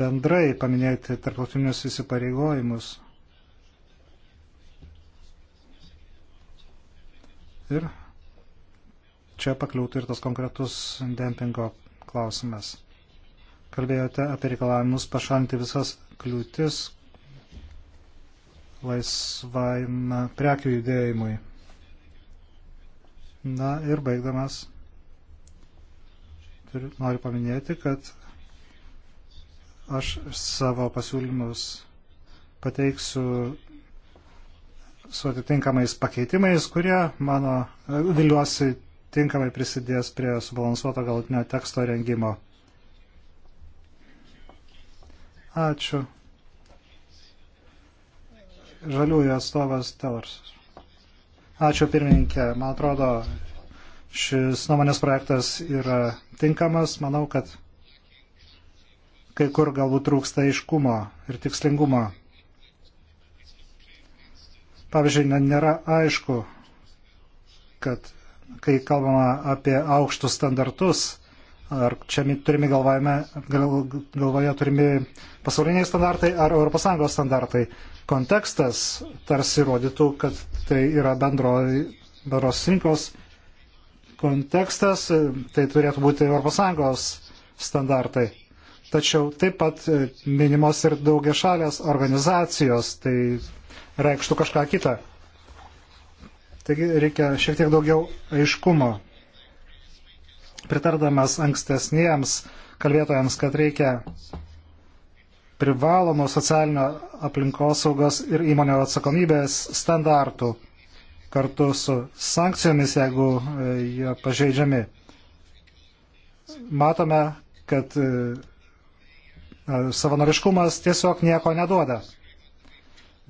bendrai paminėti tarptautinius įsipareigojimus. Ir čia pakliūtų ir tas konkretus dempingo klausimas kalbėjote apie reikalavimus pašalinti visas kliūtis laisvajam prekių judėjimui. Na ir baigdamas turiu, noriu paminėti, kad aš savo pasiūlymus pateiksiu su atitinkamais pakeitimais, kurie mano, viliuosi, tinkamai prisidės prie subalansuoto galutinio teksto rengimo. Ačiū. Žaliųjų atstovas Telars. Ačiū pirmininkė. Man atrodo, šis nuomonės projektas yra tinkamas. Manau, kad kai kur galbūt trūksta aiškumo ir tikslingumo. Pavyzdžiui, nėra aišku, kad kai kalbama apie aukštus standartus, Ar čia turime galvojame, gal, galvoje turimi pasauliniai standartai ar ES standartai. Kontekstas tarsi rodytų, kad tai yra bendro, bendros rinkos kontekstas, tai turėtų būti ES standartai. Tačiau taip pat e, minimos ir daugia šalės organizacijos, tai reikštų kažką kitą. Taigi reikia šiek tiek daugiau aiškumo pritardamas ankstesniems kalbėtojams, kad reikia privalomų socialinio aplinkosaugos ir įmonio atsakomybės standartų kartu su sankcijomis, jeigu e, jie pažeidžiami. Matome, kad e, e, savanoriškumas tiesiog nieko neduoda.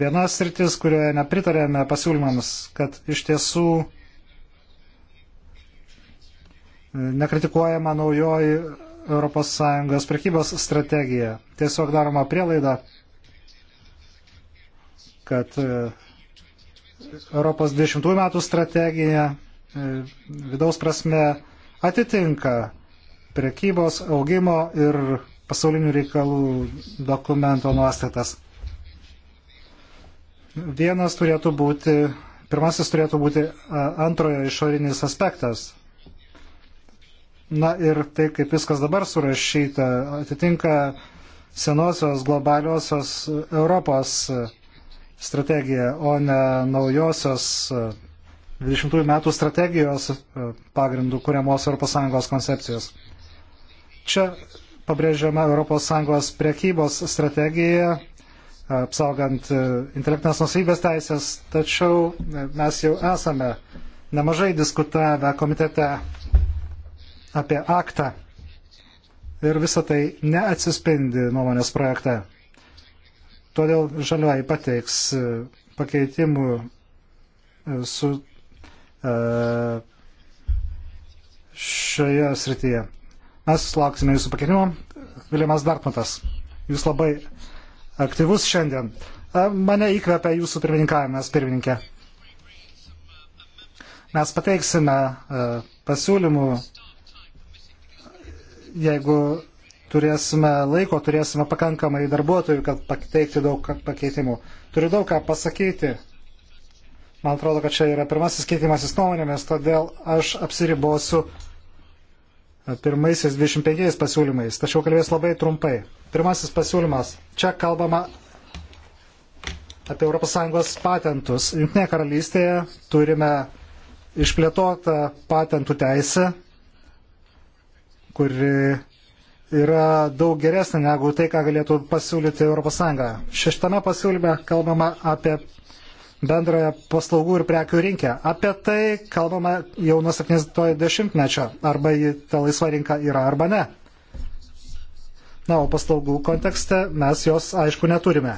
Vienas sritis, kurioje nepritarėme pasiūlymams, kad iš tiesų nekritikuojama naujoji ES prekybos strategija. Tiesiog daroma prielaida, kad e, Europos 20 metų strategija e, vidaus prasme atitinka prekybos, augimo ir pasaulinių reikalų dokumento nuostatas. Vienas turėtų būti, pirmasis turėtų būti antrojo išorinis aspektas Na ir tai, kaip viskas dabar surašyta, atitinka senosios globaliosios Europos strategiją, o ne naujosios 20 metų strategijos pagrindų kuriamos ES koncepcijos. Čia pabrėžiama ES priekybos strategija, apsaugant intelektinės nusavybės teisės, tačiau mes jau esame nemažai diskutavę komitete apie aktą. Ir visa tai neatsispindi nuomonės projekte. Todėl žalioji pateiks e, pakeitimų e, su e, šioje srityje. Mes lauksime jūsų pakeitimų. Viljamas Dartmatas, jūs labai aktyvus šiandien. Mane įkvepia jūsų pirmininkavimas, pirmininkė. Mes pateiksime pasiūlymų jeigu turėsime laiko, turėsime pakankamai darbuotojų, kad pateikti daug pakeitimų. Turiu daug ką pasakyti. Man atrodo, kad čia yra pirmasis keitimasis nuomonėmis, todėl aš apsiribosiu pirmaisiais 25 pasiūlymais, tačiau kalbės labai trumpai. Pirmasis pasiūlymas. Čia kalbama apie ES patentus. Junktinėje karalystėje turime išplėtotą patentų teisę kuri yra daug geresnė negu tai, ką galėtų pasiūlyti ES. Šeštame pasiūlyme kalbama apie bendrąją paslaugų ir prekių rinkę. Apie tai kalbama jau nuo 70-mečio, arba ta laisva rinka yra arba ne. Na, o paslaugų kontekste mes jos aišku neturime.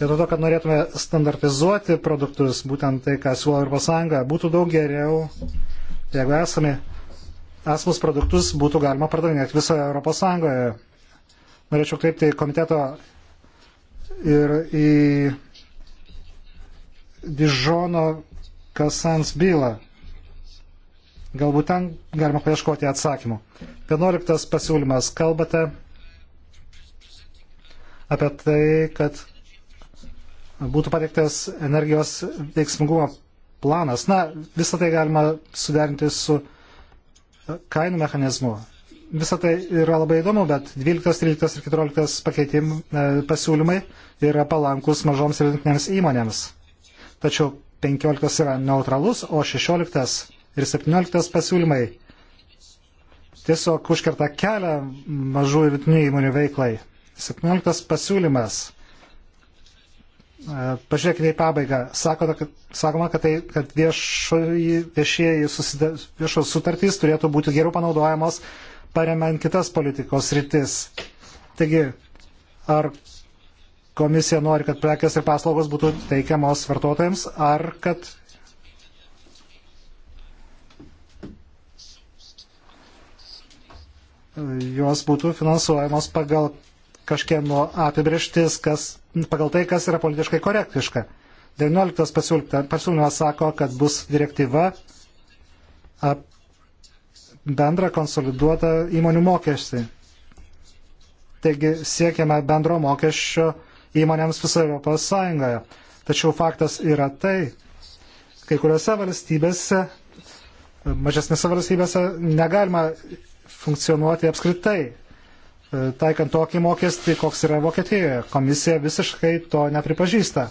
Dėl to, kad norėtume standartizuoti produktus, būtent tai, ką siūlo Europos Sąjunga, būtų daug geriau, jeigu esame esamus produktus būtų galima pardavinėti visoje Europos Sąjungoje. Norėčiau kreipti komiteto ir į Dižono Kasans bylą. Galbūt ten galima paieškoti atsakymų. 11 pasiūlymas. Kalbate apie tai, kad būtų pateiktas energijos veiksmingumo planas. Na, visą tai galima suderinti su kainų mechanizmų. Visą tai yra labai įdomu, bet 12, 13 ir 14 pakeitim e, pasiūlymai yra palankus mažoms ir vidutinėms įmonėms. Tačiau 15 yra neutralus, o 16 ir 17 pasiūlymai tiesiog užkerta kelią mažų ir vidutinių įmonių veiklai. 17 pasiūlymas Pažiūrėkite į pabaigą. Sakoma, kad, sakoma, kad, tai, kad viešieji viešos sutartys turėtų būti geriau panaudojamos, paremiant kitas politikos rytis. Taigi, ar komisija nori, kad prekes ir paslaugos būtų teikiamos vartotojams, ar kad jos būtų finansuojamos pagal kažkieno apibrieštis, kas pagal tai, kas yra politiškai korektiška. 19 pasiūlymas sako, kad bus direktyva bendrą konsoliduotą įmonių mokestį. Taigi siekiame bendro mokesčio įmonėms visoje Europos Sąjungoje. Tačiau faktas yra tai, kai kuriuose valstybėse, mažesnėse valstybėse negalima funkcionuoti apskritai taikant tokį mokestį, koks yra Vokietijoje. Komisija visiškai to nepripažįsta.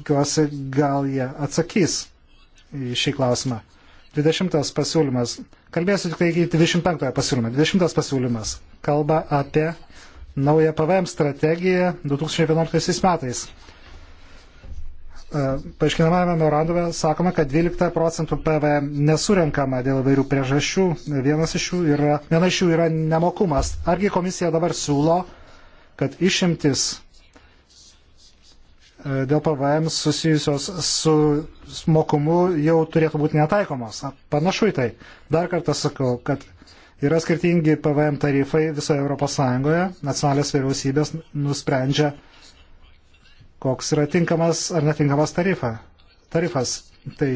Tikiuosi, gal jie atsakys į šį klausimą. 20 pasiūlymas. Kalbėsiu tik tai iki 25 pasiūlymą. 20 pasiūlymas kalba apie naują PVM strategiją 2011 metais. E, Paaiškinamame memorandume sakoma, kad 12 procentų PVM nesurenkama dėl vairių priežasčių. Vienas iš jų yra, viena iš jų yra nemokumas. Argi komisija dabar siūlo, kad išimtis e, dėl PVM susijusios su mokumu jau turėtų būti netaikomos. Panašu į tai. Dar kartą sakau, kad yra skirtingi PVM tarifai visoje ES. Nacionalės vyriausybės nusprendžia koks yra tinkamas ar netinkamas tarifa, tarifas. Tai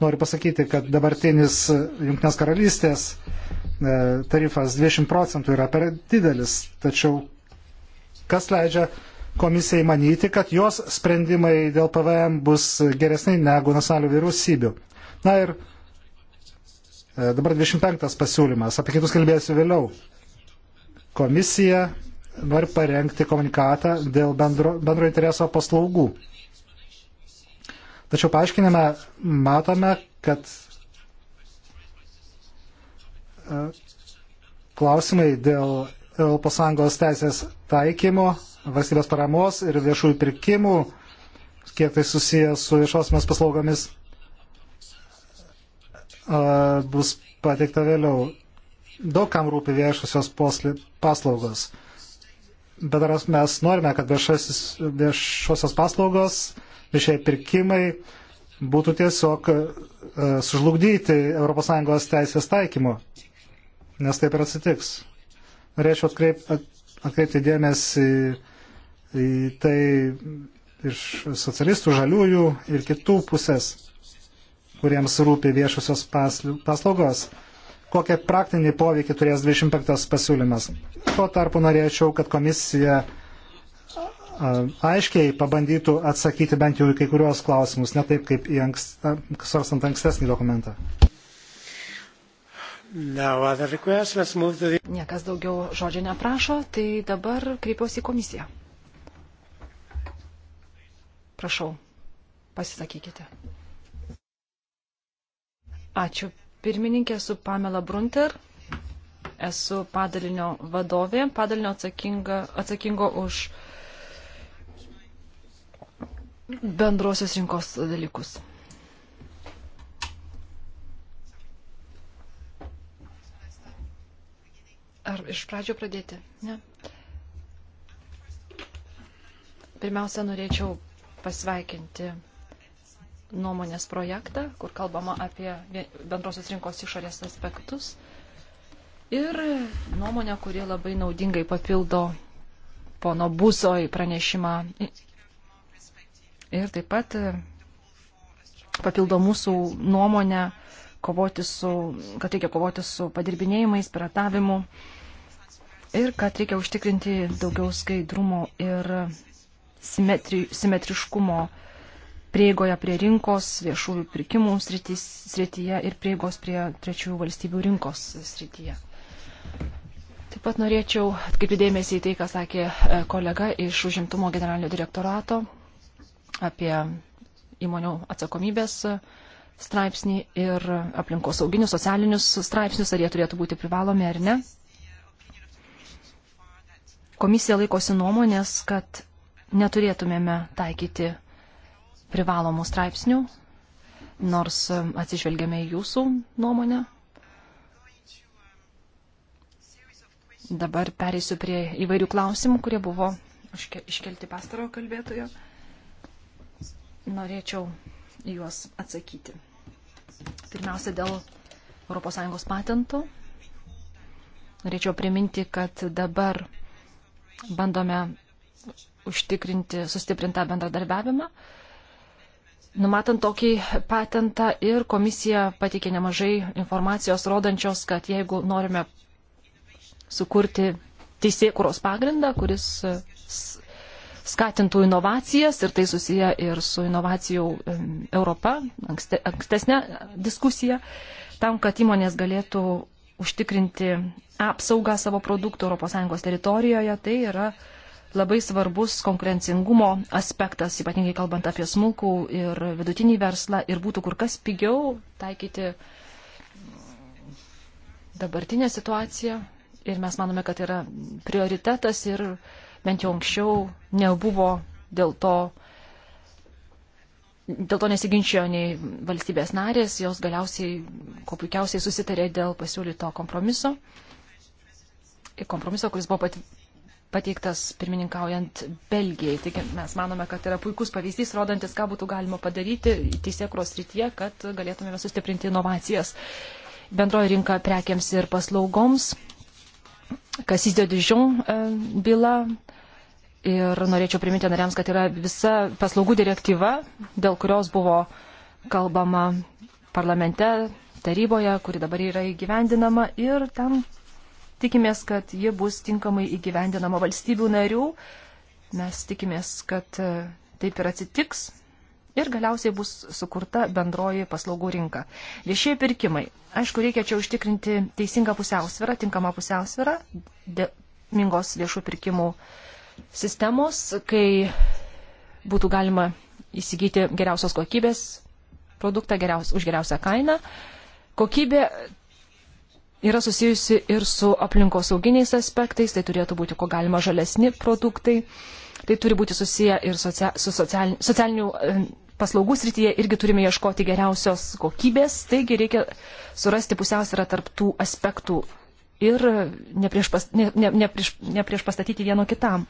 noriu pasakyti, kad dabartinis Junktinės karalystės e, tarifas 20 procentų yra per didelis, tačiau kas leidžia komisijai manyti, kad jos sprendimai dėl PVM bus geresni negu nacionalių vyriausybių. Na ir e, dabar 25 pasiūlymas, apie kitus kalbėsiu vėliau. Komisija var parengti komunikatą dėl bendro, bendro intereso paslaugų. Tačiau paaiškinime matome, kad e, klausimai dėl ES teisės taikymo, valstybės paramos ir viešųjų pirkimų, kiek tai susijęs su viešosiamis paslaugomis, e, bus pateikta vėliau. Daug kam rūpi viešosios paslaugos bet ar mes norime, kad viešasis, viešosios paslaugos, viešieji pirkimai būtų tiesiog e, sužlugdyti ES teisės taikymu, nes taip ir atsitiks. Norėčiau atkreip, atkreipti dėmesį į tai iš socialistų, žaliųjų ir kitų pusės, kuriems rūpi viešosios paslaugos kokią praktinį poveikį turės 25 pasiūlymas. Tuo tarpu norėčiau, kad komisija aiškiai pabandytų atsakyti bent jau į kai kuriuos klausimus, ne taip kaip į ankst, svarstant ankstesnį dokumentą. Niekas daugiau žodžio neprašo, tai dabar kreipiausi į komisiją. Prašau, pasisakykite. Ačiū, pirmininkė su Pamela Brunter. Esu padalinio vadovė, padalinio atsakinga, atsakingo už bendrosios rinkos dalykus. Ar iš pradžio pradėti? Ne. Pirmiausia, norėčiau pasveikinti nuomonės projektą, kur kalbama apie bendrosios rinkos išorės aspektus. Ir nuomonė, kuri labai naudingai papildo pono Buso į pranešimą. Ir taip pat e, papildo mūsų nuomonę, su, kad reikia kovoti su padirbinėjimais, piratavimu ir kad reikia užtikrinti daugiau skaidrumo ir simetri, simetriškumo uh, prieigoje prie rinkos, viešųjų pirkimų sritys, srityje ir prieigos prie trečiųjų valstybių rinkos srityje. Taip pat norėčiau atkreipti dėmesį į tai, ką sakė e, kolega iš užimtumo generalinio direktorato apie įmonių atsakomybės e, straipsnį ir aplinkos sauginius, socialinius straipsnius, ar jie turėtų būti privalomi ar ne. Komisija laikosi nuomonės, kad neturėtumėme taikyti privalomų straipsnių, nors um, atsižvelgiame į jūsų nuomonę. Dabar pereisiu prie įvairių klausimų, kurie buvo iškelti pastaro kalbėtojo. Norėčiau juos atsakyti. Pirmiausia, dėl ES patento. Norėčiau priminti, kad dabar bandome užtikrinti sustiprintą bendradarbiavimą Numatant tokį patentą ir komisija pateikė nemažai informacijos, rodančios, kad jeigu norime sukurti teisėkuros pagrindą, kuris e, skatintų inovacijas ir tai susiję ir su inovacijų Europa, ankste, ankstesnė e, diskusija, tam, kad įmonės galėtų užtikrinti apsaugą savo produktų ES teritorijoje, tai yra labai svarbus konkurencingumo aspektas, ypatingai kalbant apie smulkų ir vidutinį verslą, ir būtų kur kas pigiau taikyti dabartinę situaciją. Ir mes manome, kad yra prioritetas ir bent jau anksčiau nebuvo dėl to, dėl to nesiginčiojo nei valstybės narės, jos galiausiai, ko puikiausiai susitarė dėl pasiūlyto kompromiso. Ir kompromiso, kuris buvo pateiktas pirmininkaujant Belgijai. Taigi mes manome, kad yra puikus pavyzdys, rodantis, ką būtų galima padaryti teisėkros rytyje, kad galėtumėme sustiprinti inovacijas. Bendroji rinka prekiams ir paslaugoms, Kasis Dijon e, byla. Ir norėčiau priminti nariams, kad yra visa paslaugų direktyva, dėl kurios buvo kalbama parlamente, taryboje, kuri dabar yra įgyvendinama ir ten Tikimės, kad ji bus tinkamai įgyvendinama valstybių narių. Mes tikimės, kad e, taip ir atsitiks. Ir galiausiai bus sukurta bendroji paslaugų rinka. Viešieji pirkimai. Aišku, reikia čia užtikrinti teisingą pusiausvyrą, tinkamą pusiausvyrą mingos viešų pirkimų sistemos, kai būtų galima įsigyti geriausios kokybės produktą geriaus, už geriausią kainą. Kokybė yra susijusi ir su aplinkosauginiais aspektais, tai turėtų būti ko galima žalesni produktai, tai turi būti susiję ir socia su socialin socialinių e, paslaugų srityje, irgi turime ieškoti geriausios kokybės, taigi reikia surasti pusiausvyrą tarp tų aspektų ir nepriešpastatyti ne, ne, ne prieš, ne prieš vieno kitam.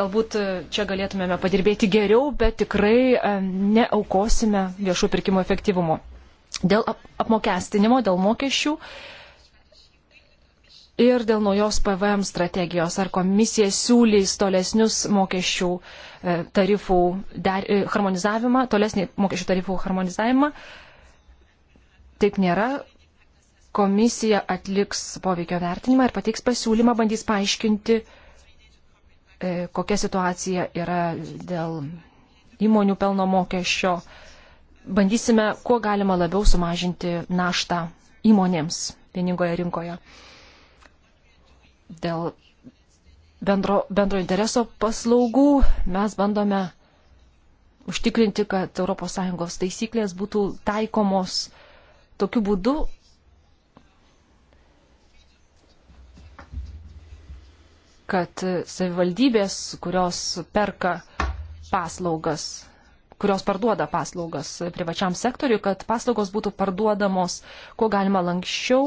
Galbūt e, čia galėtumėme padirbėti geriau, bet tikrai e, neaukosime viešų pirkimo efektyvumo. Dėl apmokestinimo, dėl mokesčių ir dėl naujos PVM strategijos. Ar komisija siūlys tolesnius mokesčių e, tarifų der, e, harmonizavimą, tolesnį mokesčių tarifų harmonizavimą? Taip nėra. Komisija atliks poveikio vertinimą ir pateiks pasiūlymą, bandys paaiškinti, e, kokia situacija yra dėl įmonių pelno mokesčio. Bandysime, kuo galima labiau sumažinti naštą įmonėms vieningoje rinkoje dėl bendro, bendro intereso paslaugų mes bandome užtikrinti, kad ES taisyklės būtų taikomos tokiu būdu, kad savivaldybės, kurios perka paslaugas, kurios parduoda paslaugas privačiam sektoriu, kad paslaugos būtų parduodamos kuo galima lankščiau,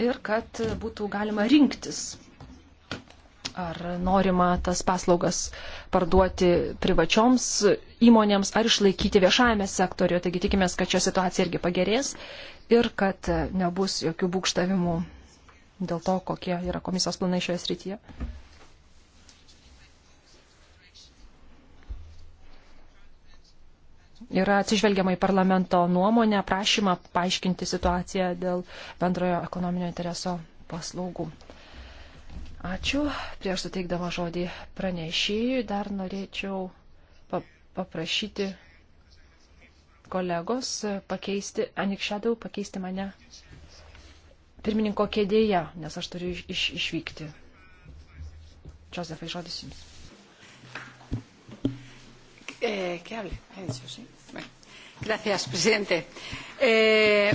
ir kad būtų galima rinktis, ar norima tas paslaugas parduoti privačioms įmonėms ar išlaikyti viešajame sektoriuje. Taigi tikimės, kad čia situacija irgi pagerės ir kad nebus jokių būkštavimų dėl to, kokie yra komisijos planai šioje srityje. yra atsižvelgiama į parlamento nuomonę, prašymą paaiškinti situaciją dėl bendrojo ekonominio intereso paslaugų. Ačiū. Prieš suteikdama žodį pranešėjui dar norėčiau paprašyti kolegos pakeisti, Anikšėdau, pakeisti mane pirmininko kėdėje, nes aš turiu iš, iš, išvykti. Josefai, žodis jums. Eh, ¿Qué hable? Ha dicho, sí. Gracias, prezidente. E... Eh,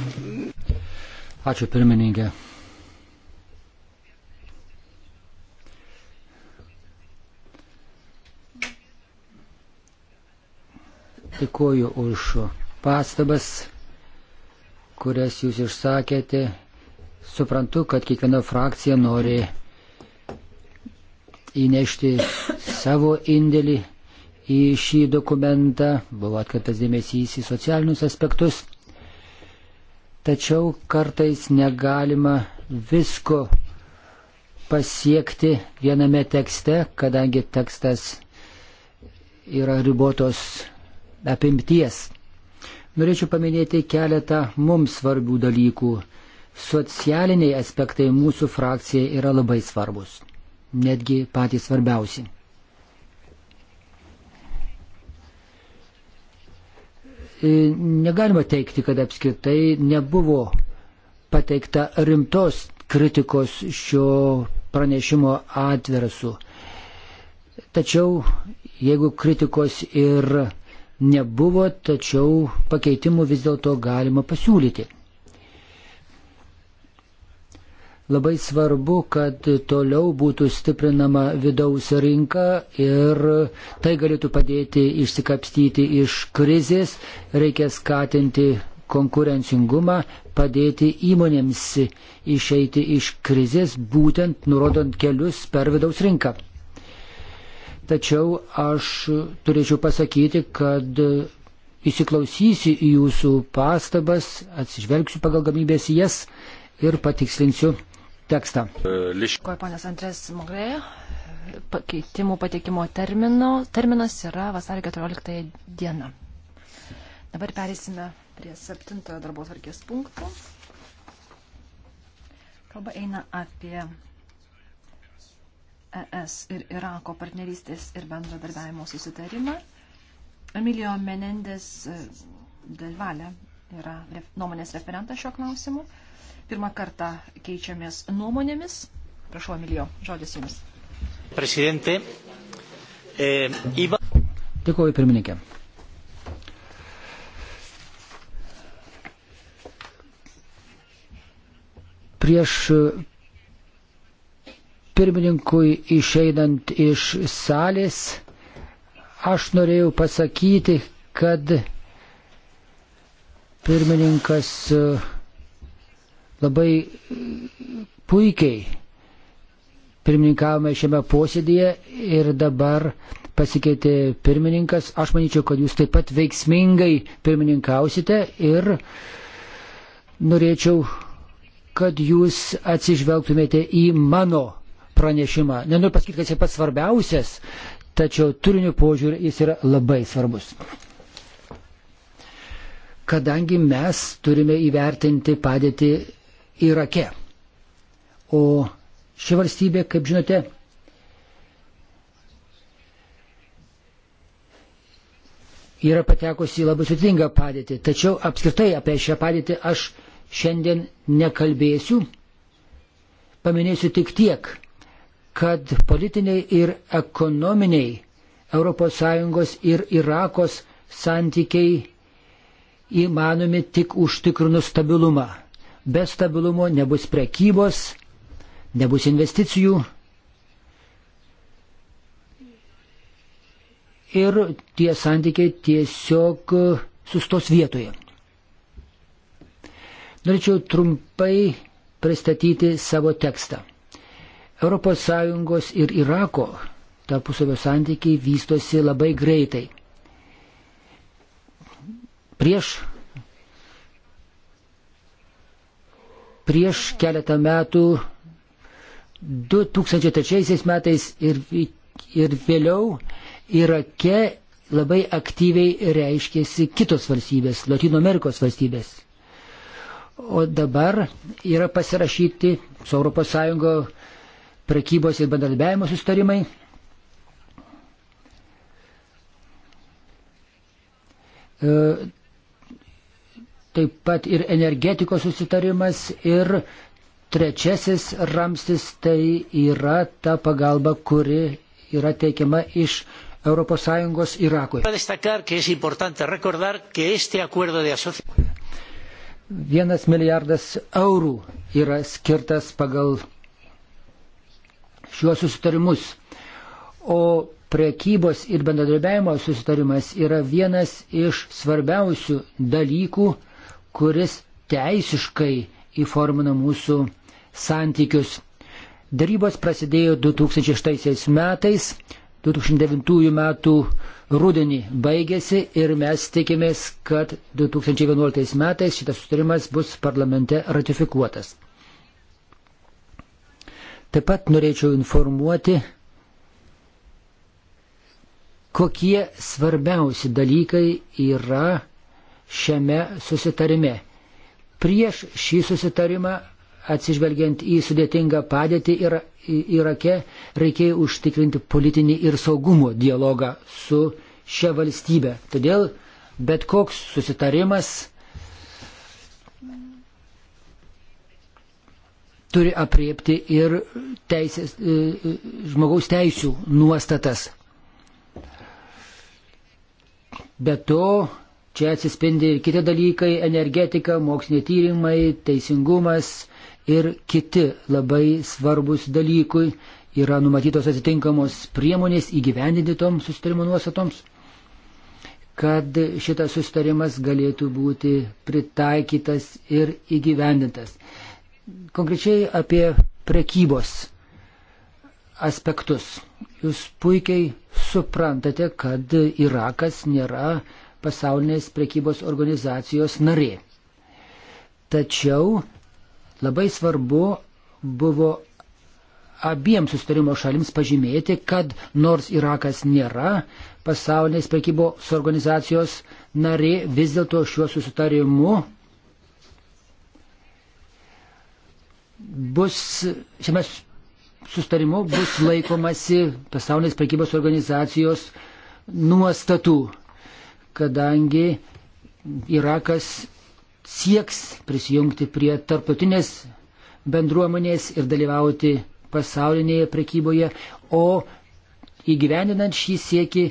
Ačiū pirmininkė. Dėkuoju už pastabas, kurias jūs išsakėte. Suprantu, kad kiekviena frakcija nori įnešti savo indėlį į šį dokumentą, buvo atkreiptas dėmesys į socialinius aspektus. Tačiau kartais negalima visko pasiekti viename tekste, kadangi tekstas yra ribotos apimties. Norėčiau paminėti keletą mums svarbių dalykų. Socialiniai aspektai mūsų frakcijai yra labai svarbus, netgi patys svarbiausi. E, negalima teikti, kad apskritai nebuvo pateikta rimtos kritikos šio pranešimo atversu. Tačiau, jeigu kritikos ir nebuvo, tačiau pakeitimų vis dėlto galima pasiūlyti. Labai svarbu, kad toliau būtų stiprinama vidaus rinka ir tai galėtų padėti išsikapstyti iš krizės, reikia skatinti konkurencingumą, padėti įmonėms išeiti iš krizės, būtent nurodant kelius per vidaus rinką. Tačiau aš turėčiau pasakyti, kad įsiklausysiu į jūsų pastabas, atsižvelgsiu pagal gamybės jas ir patikslinsiu tekstą. E, Dėkuoju, ponės Andrės Mogreja. Pakeitimų pateikimo termino, terminas yra vasario 14 diena. Dabar perėsime prie septintojo darbo tvarkės punkto. Kalba eina apie ES ir Irako partnerystės ir bendradarbiavimo susitarimą. Emilio Menendės e, Delvalė yra nuomonės referentas šiuo klausimu. Pirmą kartą keičiamės nuomonėmis. Prašau, Emilio, žodis Jums. Presidente, e, Iba. Dėkuoju, pirmininkė. Prieš pirmininkui išeinant iš salės, aš norėjau pasakyti, kad pirmininkas uh, labai puikiai pirmininkavome šiame posėdėje ir dabar pasikeitė pirmininkas. Aš manyčiau, kad jūs taip pat veiksmingai pirmininkausite ir norėčiau, kad jūs atsižvelgtumėte į mano pranešimą. Nenoriu pasakyti, kad jis pats svarbiausias, tačiau turiniu požiūrį jis yra labai svarbus. Kadangi mes turime įvertinti padėtį Irake. O ši valstybė, kaip žinote, yra patekusi į labai sudėtingą padėtį. Tačiau apskritai apie šią padėtį aš šiandien nekalbėsiu. Paminėsiu tik tiek, kad politiniai ir ekonominiai ES ir Irakos santykiai įmanomi tik užtikrinus stabilumą. Be stabilumo nebus prekybos, nebus investicijų. Ir tie santykiai tiesiog e, sustos vietoje. Norėčiau trumpai pristatyti savo tekstą. ES ir Irako tarpusavio santykiai vystosi labai greitai. Prieš Prieš keletą metų, 2003 metais ir, ir vėliau, Irake labai aktyviai reiškėsi kitos valstybės, Latino Amerikos valstybės. O dabar yra pasirašyti su ES prekybos ir bendradarbiavimo sustarimai. E, taip pat ir energetikos susitarimas ir trečiasis ramstis tai yra ta pagalba, kuri yra teikiama iš ES Irakui. Vienas milijardas eurų yra skirtas pagal šiuos susitarimus, o priekybos ir bendradarbiavimo susitarimas yra vienas iš svarbiausių dalykų, kuris teisiškai įformina mūsų santykius. Darybos prasidėjo 2006 metais, 2009 metų rudenį baigėsi ir mes tikimės, kad 2011 metais šitas sutarimas bus parlamente ratifikuotas. Taip pat norėčiau informuoti, kokie svarbiausi dalykai yra šiame susitarime. Prieš šį susitarimą, atsižvelgiant į sudėtingą padėtį ir Irake, reikėjo užtikrinti politinį ir saugumo dialogą su šia valstybė. Todėl bet koks susitarimas turi apriepti ir teisės, e, e, žmogaus teisų nuostatas. Be to, Čia atsispindi ir kiti dalykai - energetika, moksliniai tyrimai, teisingumas ir kiti labai svarbus dalykui. Yra numatytos atitinkamos priemonės įgyvendinti toms sustarimo nuostatoms, kad šitas sustarimas galėtų būti pritaikytas ir įgyvendintas. Konkrečiai apie prekybos aspektus. Jūs puikiai suprantate, kad Irakas nėra pasaulinės prekybos organizacijos narė. Tačiau labai svarbu buvo abiems sustarimo šalims pažymėti, kad nors Irakas nėra pasaulinės prekybos organizacijos narė, vis dėlto šiuo susitarimu bus, šiame sustarimu bus laikomasi pasaulinės prekybos organizacijos nuostatų kadangi Irakas sieks prisijungti prie tarptautinės bendruomenės ir dalyvauti pasaulinėje prekyboje, o įgyvendinant šį sieki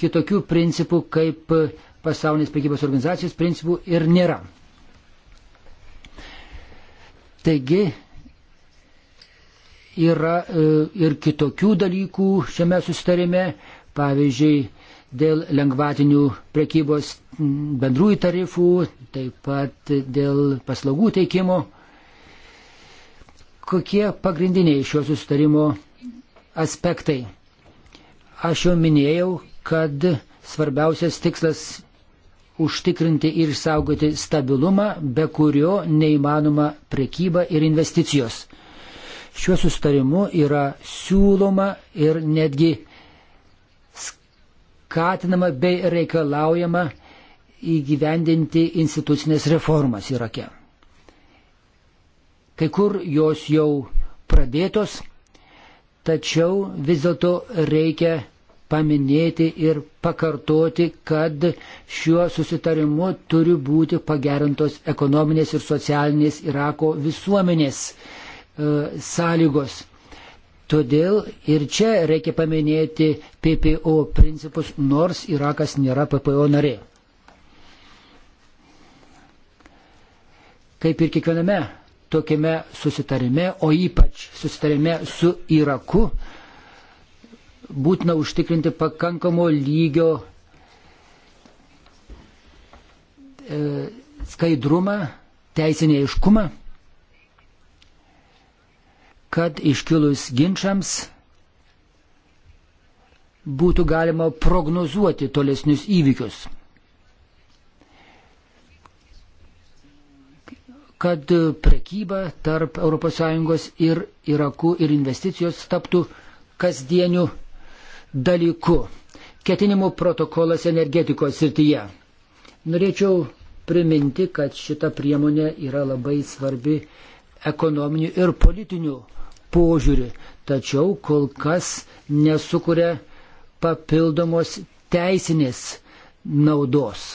kitokių principų kaip pasaulinės prekybos organizacijos principų ir nėra. Taigi yra e, ir kitokių dalykų šiame sustarime, pavyzdžiui, dėl lengvatinių prekybos bendrųjų tarifų, taip pat dėl paslaugų teikimo. Kokie pagrindiniai šio sustarimo aspektai? Aš jau minėjau, kad svarbiausias tikslas užtikrinti ir saugoti stabilumą, be kurio neįmanoma prekyba ir investicijos. Šiuo sustarimu yra siūloma ir netgi skatinama bei reikalaujama įgyvendinti institucinės reformas Irake. Kai kur jos jau pradėtos, tačiau vis dėlto reikia paminėti ir pakartoti, kad šiuo susitarimu turi būti pagerintos ekonominės ir socialinės Irako visuomenės e, sąlygos. Todėl ir čia reikia paminėti PPO principus, nors Irakas nėra PPO narė. Kaip ir kiekviename tokiame susitarime, o ypač susitarime su Iraku, būtina užtikrinti pakankamo lygio e, skaidrumą, teisinį aiškumą kad iškilus ginčiams būtų galima prognozuoti tolesnius įvykius. Kad prekyba tarp ES ir Iraku ir investicijos taptų kasdieniu dalyku. Ketinimų protokolas energetikos srityje. Norėčiau priminti, kad šita priemonė yra labai svarbi ekonominių ir politinių požiūrį, tačiau kol kas nesukuria papildomos teisinės naudos.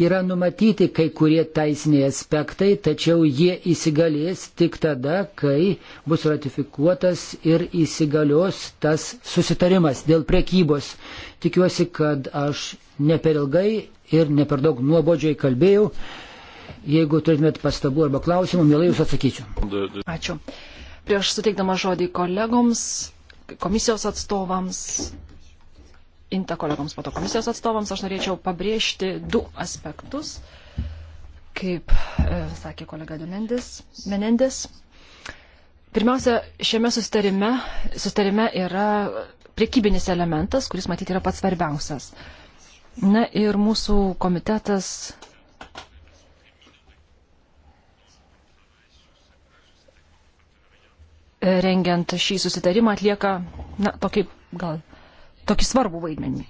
Yra numatyti kai kurie teisiniai aspektai, tačiau jie įsigalės tik tada, kai bus ratifikuotas ir įsigalios tas susitarimas dėl prekybos. Tikiuosi, kad aš ne per ilgai ir ne per daug nuobodžiai kalbėjau. Jeigu turėtumėt pastabų arba klausimų, mielai jūs atsakyčiau. Ačiū. Prieš suteikdama žodį kolegoms, komisijos atstovams, inta kolegoms, po to komisijos atstovams, aš norėčiau pabrėžti du aspektus, kaip e, sakė kolega Menendis. Menendis. Pirmiausia, šiame sustarime, sustarime yra priekybinis elementas, kuris matyti yra pats svarbiausias. Na ir mūsų komitetas rengiant šį susitarimą atlieka na, tokį, gal, tokį svarbų vaidmenį.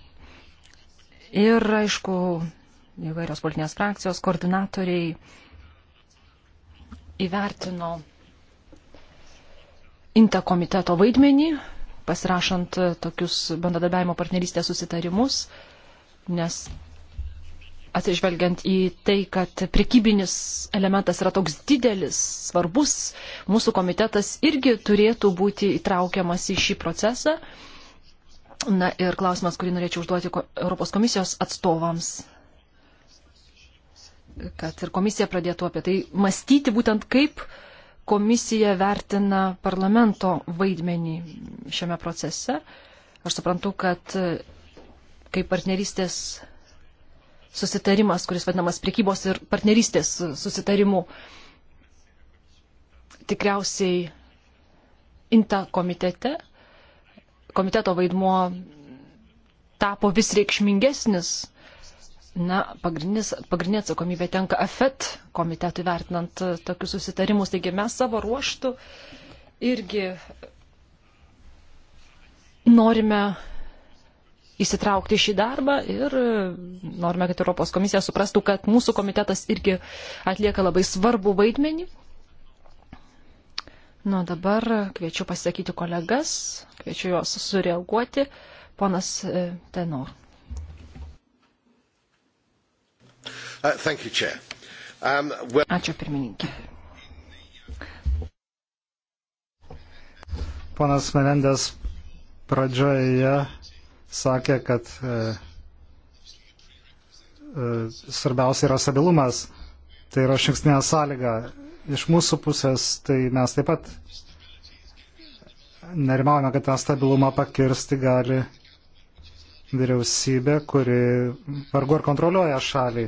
Ir, aišku, įvairios politinės frakcijos koordinatoriai įvertino INTA komiteto vaidmenį, pasirašant tokius bendradarbiavimo partnerystės susitarimus, nes atsižvelgiant į tai, kad prekybinis elementas yra toks didelis, svarbus, mūsų komitetas irgi turėtų būti įtraukiamas į šį procesą. Na ir klausimas, kurį norėčiau užduoti Europos komisijos atstovams, kad ir komisija pradėtų apie tai mąstyti būtent kaip komisija vertina parlamento vaidmenį šiame procese. Aš suprantu, kad kaip partnerystės susitarimas, kuris vadinamas priekybos ir partnerystės susitarimu. Tikriausiai INTA komitete, komiteto vaidmuo tapo vis reikšmingesnis. Na, pagrindinė atsakomybė tenka AFET komitetui vertinant e, tokius susitarimus. Taigi mes savo ruoštų irgi norime įsitraukti šį darbą ir e, norime, kad Europos komisija suprastų, kad mūsų komitetas irgi atlieka labai svarbų vaidmenį. Nu, dabar kviečiu pasisakyti kolegas, kviečiu juos sureaguoti. Ponas e, Tenor. Uh, um, Ačiū pirmininkė. Ponas Menendės pradžioje sakė, kad e, e, svarbiausia yra stabilumas. Tai yra šinksnė sąlyga. Iš mūsų pusės tai mes taip pat nerimaujame, kad tą stabilumą pakirsti gali vyriausybė, kuri vargu ar kontroliuoja šalį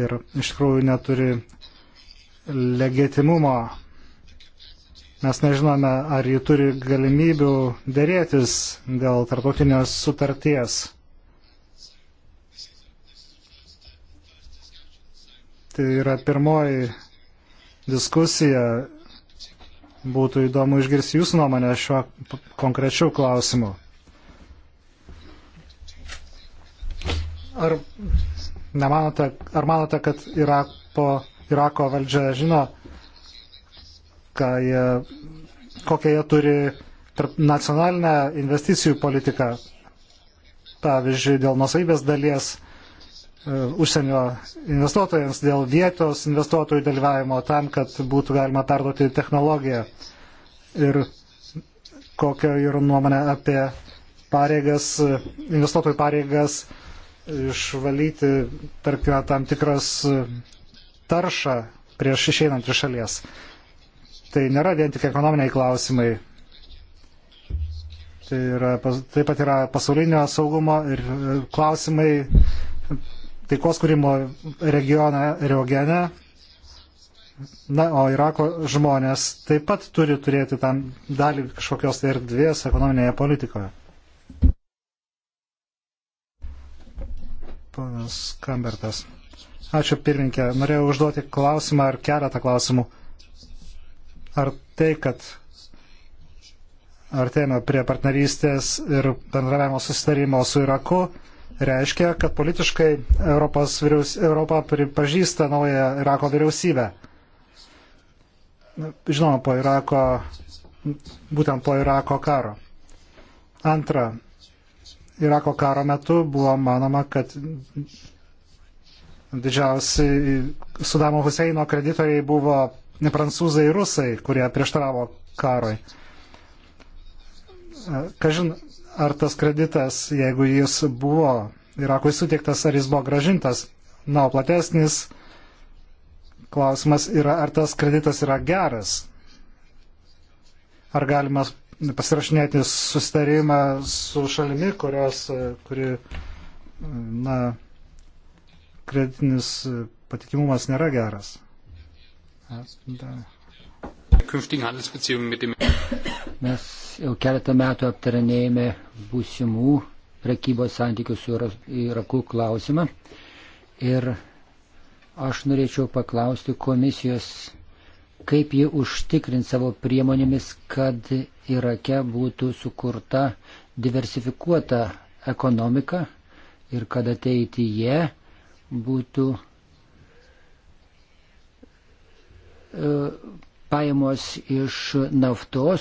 ir iš tikrųjų neturi legitimumo Mes nežinome, ar ji turi galimybių dėrėtis dėl tarptautinės sutarties. Tai yra pirmoji diskusija. Būtų įdomu išgirsti jūsų nuomonę šiuo konkrečiu klausimu. Ar, nemanote, ar manote, kad Irako, Irako valdžia žino, jie, kokią jie turi nacionalinę investicijų politiką, pavyzdžiui, dėl nusaibės dalies e, užsienio investuotojams, dėl vietos investuotojų dalyvavimo tam, kad būtų galima perduoti technologiją. Ir kokia yra nuomonė apie pareigas, investuotojų pareigas išvalyti, tarkime, tam tikras taršą prieš išeinant iš šalies tai nėra vien tik ekonominiai klausimai. Tai yra, taip pat yra pasaulinio saugumo ir e, klausimai taikos kūrimo regione, regione. Na, o Irako žmonės taip pat turi turėti tam dalį kažkokios tai erdvės ekonominėje politikoje. Ponas Kambertas. Ačiū pirminkė. Norėjau užduoti klausimą ar keletą klausimų. Ar tai, kad artėjame prie partnerystės ir bendravimo susitarimo su Iraku, reiškia, kad politiškai Europos vyriaus, Europa pripažįsta naują Irako vyriausybę. Žinoma, po Irako, būtent po Irako karo. Antra, Irako karo metu buvo manoma, kad didžiausi Sudamo Huseino kreditoriai buvo prancūzai ir rusai, kurie prieštaravo karui. E, kažin, ar tas kreditas, jeigu jis buvo Irakui suteiktas, ar jis buvo gražintas. Na, o platesnis klausimas yra, ar tas kreditas yra geras. Ar galima pasirašinėti susitarimą su šalimi, kurios, e, kuri, e, na, kreditinis patikimumas nėra geras. Mes jau keletą metų aptaranėjame būsimų prekybos santykių su Iraku klausimą. Ir aš norėčiau paklausti komisijos, kaip ji užtikrins savo priemonėmis, kad Irake būtų sukurta diversifikuota ekonomika ir kad ateityje būtų E, pajamos iš naftos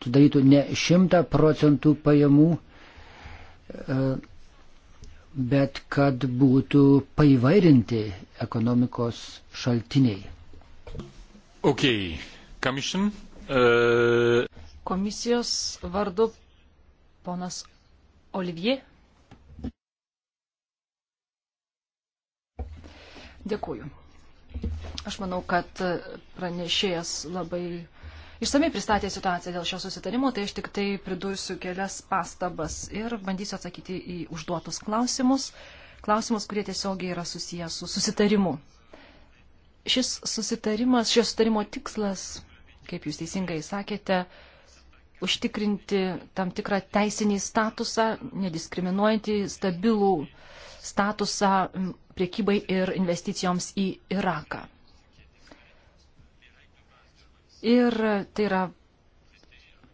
sudarytų ne 100 procentų pajamų, e, bet kad būtų paivairinti ekonomikos šaltiniai. Okay. Commission, uh... Komisijos vardu ponas Olivier. Dėkuoju. Aš manau, kad pranešėjas labai išsamei pristatė situaciją dėl šio susitarimo, tai aš tik tai pridursiu kelias pastabas ir bandysiu atsakyti į užduotus klausimus, klausimus, kurie tiesiogiai yra susijęs su susitarimu. Šis susitarimas, šio susitarimo tikslas, kaip jūs teisingai sakėte, užtikrinti tam tikrą teisinį statusą, nediskriminuojantį stabilų uh, statusą priekybai ir investicijoms į Iraką. Ir tai yra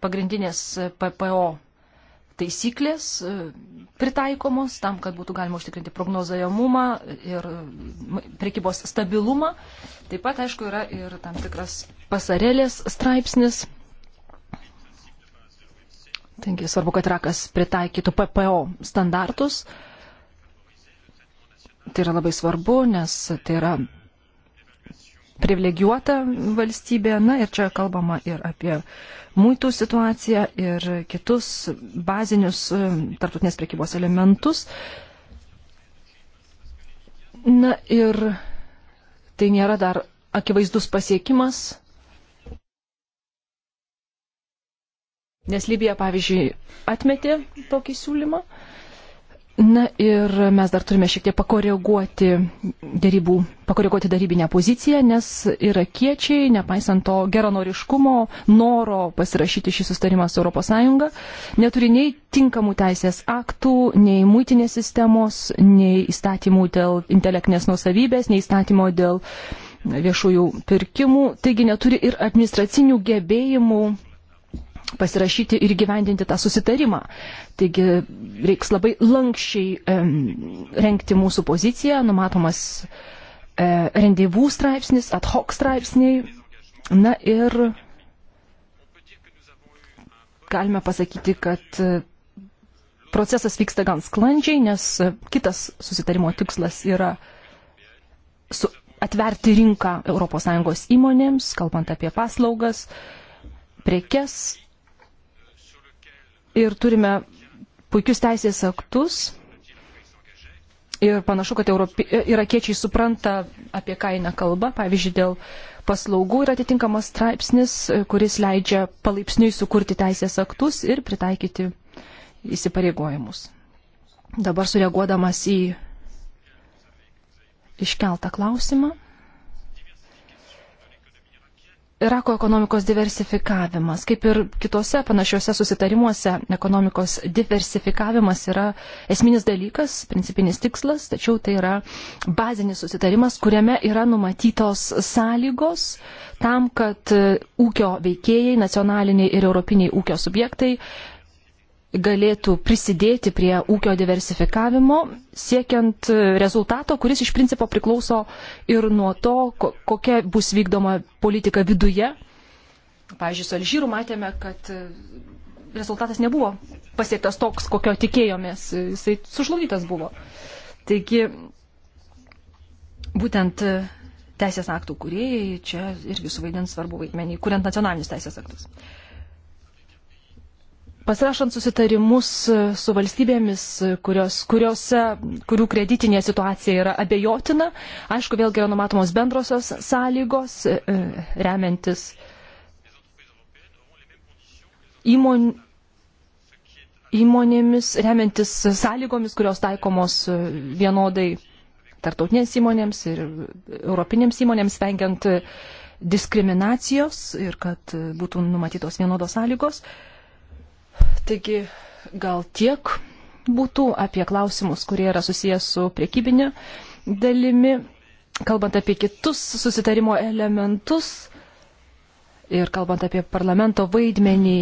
pagrindinės PPO taisyklės e, pritaikomos tam, kad būtų galima užtikrinti prognozajamumą ir prekybos stabilumą. Taip pat, aišku, yra ir tam tikras pasarelės straipsnis. Taigi svarbu, kad Irakas pritaikytų PPO standartus. Uh, Tai yra labai svarbu, nes tai yra privilegijuota valstybė. Na ir čia kalbama ir apie mūtų situaciją ir kitus bazinius e, tartutinės prekybos elementus. Na ir tai nėra dar akivaizdus pasiekimas, nes Libija, pavyzdžiui, atmetė tokį siūlymą. Na ir mes dar turime šiek tiek pakoreguoti, darybų, pakoreguoti darybinę poziciją, nes irakiečiai, nepaisant to geranoriškumo, noro pasirašyti šį sustarimą su ES, neturi nei tinkamų teisės aktų, nei muitinės sistemos, nei įstatymų dėl intelektinės nusavybės, nei įstatymo dėl viešųjų pirkimų, taigi neturi ir administracinių gebėjimų pasirašyti ir gyvendinti tą susitarimą. Taigi reiks labai lankščiai um, renkti mūsų poziciją, numatomas uh, e, rendezvų straipsnis, ad hoc straipsniai. Na ir galime pasakyti, kad e, procesas vyksta gan sklandžiai, nes e, kitas susitarimo tikslas yra su, atverti rinką ES įmonėms, kalbant apie paslaugas, prekes ir turime puikius teisės aktus. Ir panašu, kad Europi... E, irakiečiai supranta, apie ką eina kalba. Pavyzdžiui, dėl paslaugų yra atitinkamas straipsnis, e, kuris leidžia palaipsniui sukurti teisės aktus ir pritaikyti įsipareigojimus. Dabar sureaguodamas į iškeltą klausimą. Irako ekonomikos diversifikavimas, kaip ir kitose panašiuose susitarimuose, ekonomikos diversifikavimas yra esminis dalykas, principinis tikslas, tačiau tai yra bazinis susitarimas, kuriame yra numatytos sąlygos tam, kad ūkio veikėjai, nacionaliniai ir europiniai ūkio subjektai galėtų prisidėti prie ūkio diversifikavimo, siekiant e, rezultato, kuris iš principo priklauso ir nuo to, kokia bus vykdoma politika viduje. Pavyzdžiui, su Alžyru matėme, kad e, rezultatas nebuvo pasiektas toks, kokio tikėjomės, e, jisai sužlugdytas buvo. Taigi, būtent teisės aktų kuriejai čia irgi suvaidins svarbu vaidmenį, kuriant nacionalinius teisės aktus. Uh, Pasirašant susitarimus e, su valstybėmis, e, kurios, kuriuose, kurių kreditinė situacija yra abejotina, aišku, vėlgi yra numatomos bendrosios sąlygos, e, remiantis įmon, įmonėmis, remiantis sąlygomis, kurios taikomos vienodai tartautinėms įmonėms ir europinėms įmonėms, vengiant diskriminacijos ir kad būtų numatytos vienodos sąlygos. Taigi gal tiek būtų apie klausimus, kurie yra susijęs su priekybinė dalimi, kalbant apie kitus susitarimo elementus ir kalbant apie parlamento vaidmenį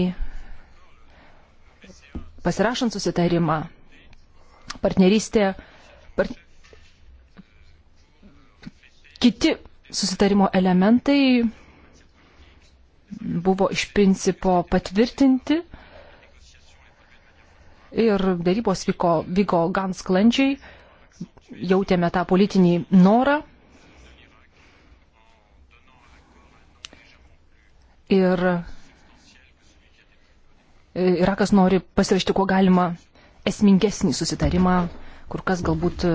pasirašant susitarimą, partnerystė, part... kiti susitarimo elementai buvo iš principo patvirtinti ir darybos vyko, vyko gan sklandžiai, jautėme tą politinį norą. Ir Irakas nori pasirašyti kuo galima esmingesnį susitarimą, kur kas galbūt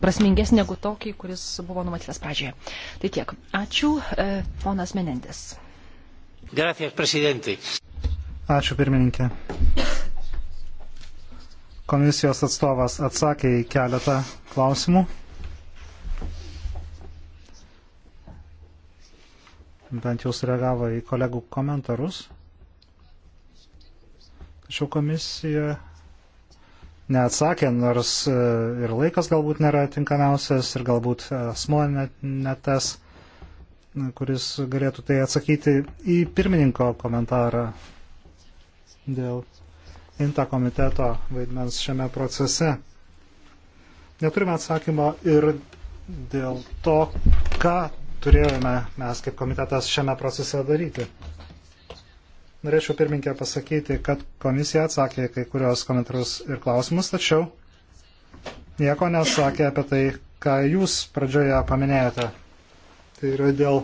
prasmingesnį negu tokį, kuris buvo numatytas pradžioje. Tai tiek. Ačiū, e, ponas Menendės. Gracias, prezidentė. Ačiū, pirmininkė. Komisijos atstovas atsakė į keletą klausimų. Bent jau sureagavo į kolegų komentarus. Tačiau komisija neatsakė, nors e, ir laikas galbūt nėra tinkamiausias ir galbūt asmo net, net tas, kuris galėtų tai atsakyti į pirmininko komentarą dėl INTA komiteto vaidmens šiame procese. Neturime atsakymo ir dėl to, ką turėjome mes kaip komitetas šiame procese daryti. Norėčiau pirminkę pasakyti, kad komisija atsakė kai kurios komentarus ir klausimus, tačiau nieko nesakė apie tai, ką jūs pradžioje paminėjote. Tai yra dėl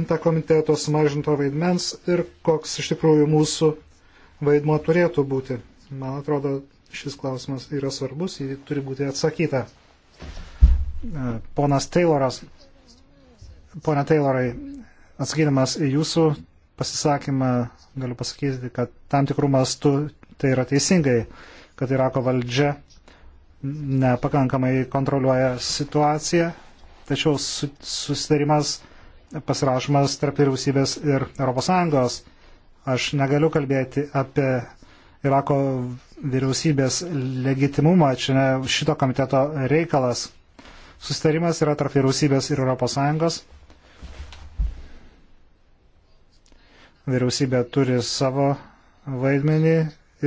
inta komiteto sumažinto vaidmens ir koks iš tikrųjų mūsų vaidmo turėtų būti. Man atrodo, šis klausimas yra svarbus, jį turi būti atsakyta. E, ponas Tayloras, pone Taylorai, atsakydamas į jūsų pasisakymą, galiu pasakyti, kad tam tikrų mastų tai yra teisingai, kad Irako valdžia nepakankamai kontroliuoja situaciją, tačiau susitarimas pasirašomas tarp vyriausybės ir ES Aš negaliu kalbėti apie Irako vyriausybės legitimumą, čia ne šito komiteto reikalas. Sustarimas yra tarp vyriausybės ir ES. Vyriausybė turi savo vaidmenį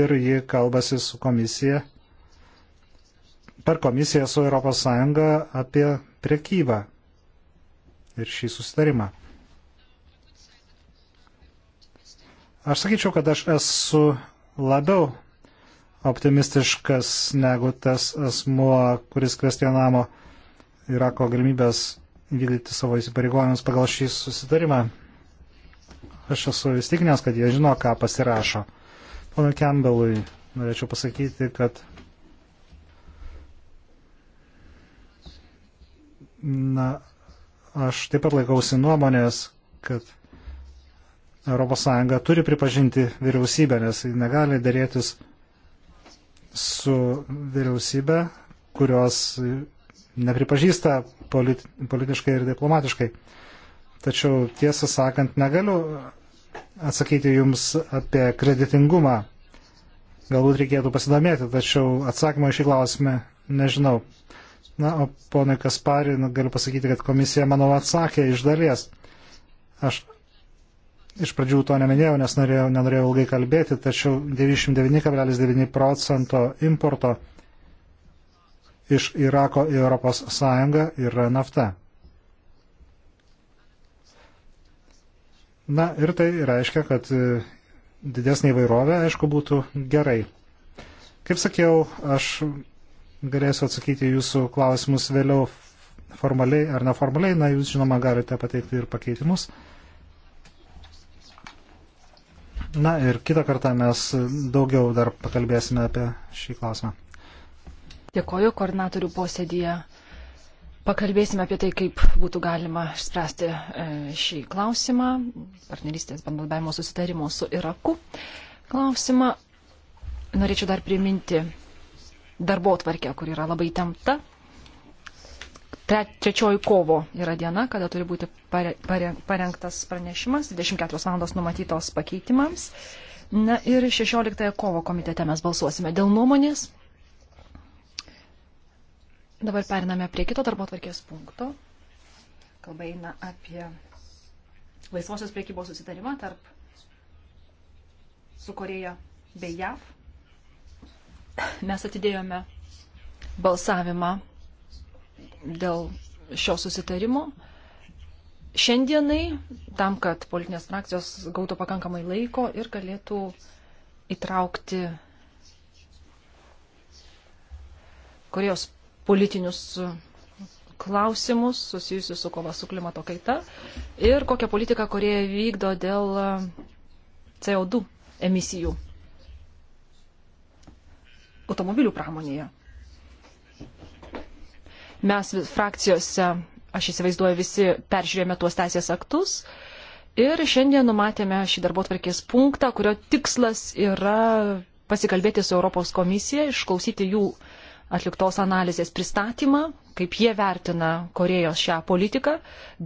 ir ji kalbasi su komisija, per komisiją su ES apie priekybą ir šį sustarimą. Aš sakyčiau, kad aš esu labiau optimistiškas negu tas asmuo, kuris kvestionavo Irako galimybės vykdyti savo įsipareigojimus pagal šį susitarimą. Aš esu įstikinęs, kad jie žino, ką pasirašo. Ponui Campbellui norėčiau pasakyti, kad na, aš taip pat laikausi nuomonės, kad ES turi pripažinti vyriausybę, nes ji negali dėrėtis su vyriausybė, kurios nepripažįsta politi politiškai ir diplomatiškai. Tačiau tiesą sakant, negaliu atsakyti Jums apie kreditingumą. Galbūt reikėtų pasidomėti, tačiau atsakymą iš įklausimą nežinau. Na, o ponai Kasparį nu, galiu pasakyti, kad komisija, manau, atsakė iš dalies. Aš Iš pradžių to neminėjau, nes norėjau, nenorėjau ilgai kalbėti, tačiau 99,9 procento importo iš Irako į Europos Sąjungą yra nafta. Na ir tai reiškia, kad e, didesnė įvairovė, aišku, būtų gerai. Kaip sakiau, aš galėsiu atsakyti jūsų klausimus vėliau formaliai ar neformaliai, na jūs žinoma galite pateikti ir pakeitimus. Na ir kitą kartą mes daugiau dar pakalbėsime apie šį klausimą. Dėkoju koordinatorių posėdėje. Pakalbėsime apie tai, kaip būtų galima išspręsti e, šį klausimą, partnerystės bendradarbiavimo susitarimo su Iraku. Klausimą norėčiau dar priminti darbo tvarkę, kur yra labai temta trečioji kovo yra diena, kada turi būti pare, pare, parengtas pranešimas, 24 valandos numatytos pakeitimams. Na ir 16 kovo komitete mes balsuosime dėl nuomonės. Dabar periname prie kito darbo tvarkės punkto. Kalba eina apie laisvosios priekybos susitarimą tarp su Koreja bei JAV. Mes atidėjome balsavimą dėl šio susitarimo. Šiandienai, tam, kad politinės frakcijos gautų pakankamai laiko ir galėtų įtraukti Korejos politinius klausimus susijusius su kova su klimato kaita ir kokią politiką Koreja vykdo dėl CO2 emisijų automobilių pramonėje. Mes frakcijose, aš įsivaizduoju, visi peržiūrėjome tuos teisės aktus ir šiandien numatėme šį darbo tvarkės punktą, kurio tikslas yra pasikalbėti su Europos komisija, išklausyti jų atliktos analizės pristatymą, kaip jie vertina Korejos šią politiką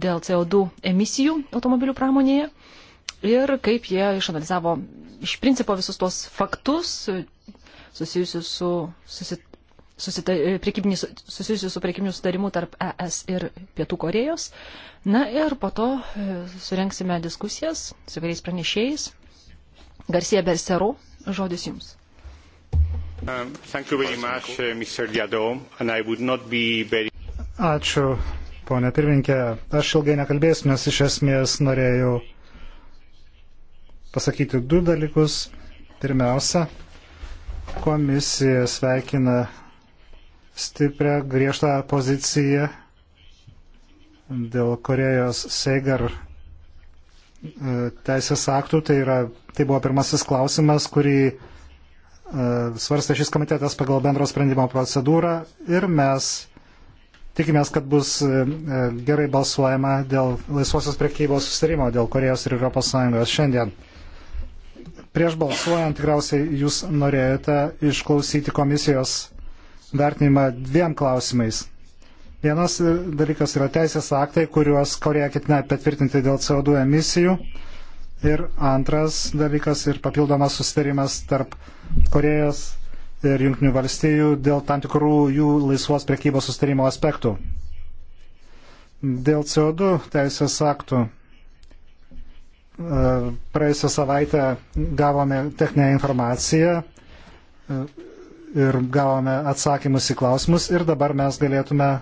dėl CO2 emisijų automobilių pramonėje ir kaip jie išanalizavo iš principo visus tuos faktus susijusius su susi, susita, e, susijusių su priekybiniu sutarimu tarp ES ir Pietų Korejos. Na ir po to e, surenksime diskusijas su vairiais pranešėjais. Garcija Berseru, žodis jums. Um, much, uh, very... Ačiū, ponė pirminkė. Aš ilgai nekalbėsiu, nes iš esmės norėjau pasakyti du dalykus. Pirmiausia, komisija sveikina stiprią griežtą poziciją dėl Korejos Seigar e, teisės aktų. Tai, yra, tai buvo pirmasis klausimas, kurį e, svarsta šis komitetas pagal bendro sprendimo procedūrą ir mes tikimės, kad bus e, gerai balsuojama dėl laisvosios prekybos sustarimo dėl Korejos ir ES šiandien. Prieš balsuojant tikriausiai jūs norėjote išklausyti komisijos vertinimą dviem klausimais. Vienas dalykas yra teisės aktai, kuriuos Koreja ketina patvirtinti dėl CO2 emisijų. Ir antras dalykas ir papildomas susitarimas tarp Korejos ir Junktinių valstijų dėl tam tikrų jų laisvos prekybos susitarimo aspektų. Dėl CO2 teisės aktų e, praėjusią savaitę gavome techninę informaciją e, ir gavome atsakymus į klausimus ir dabar mes galėtume e,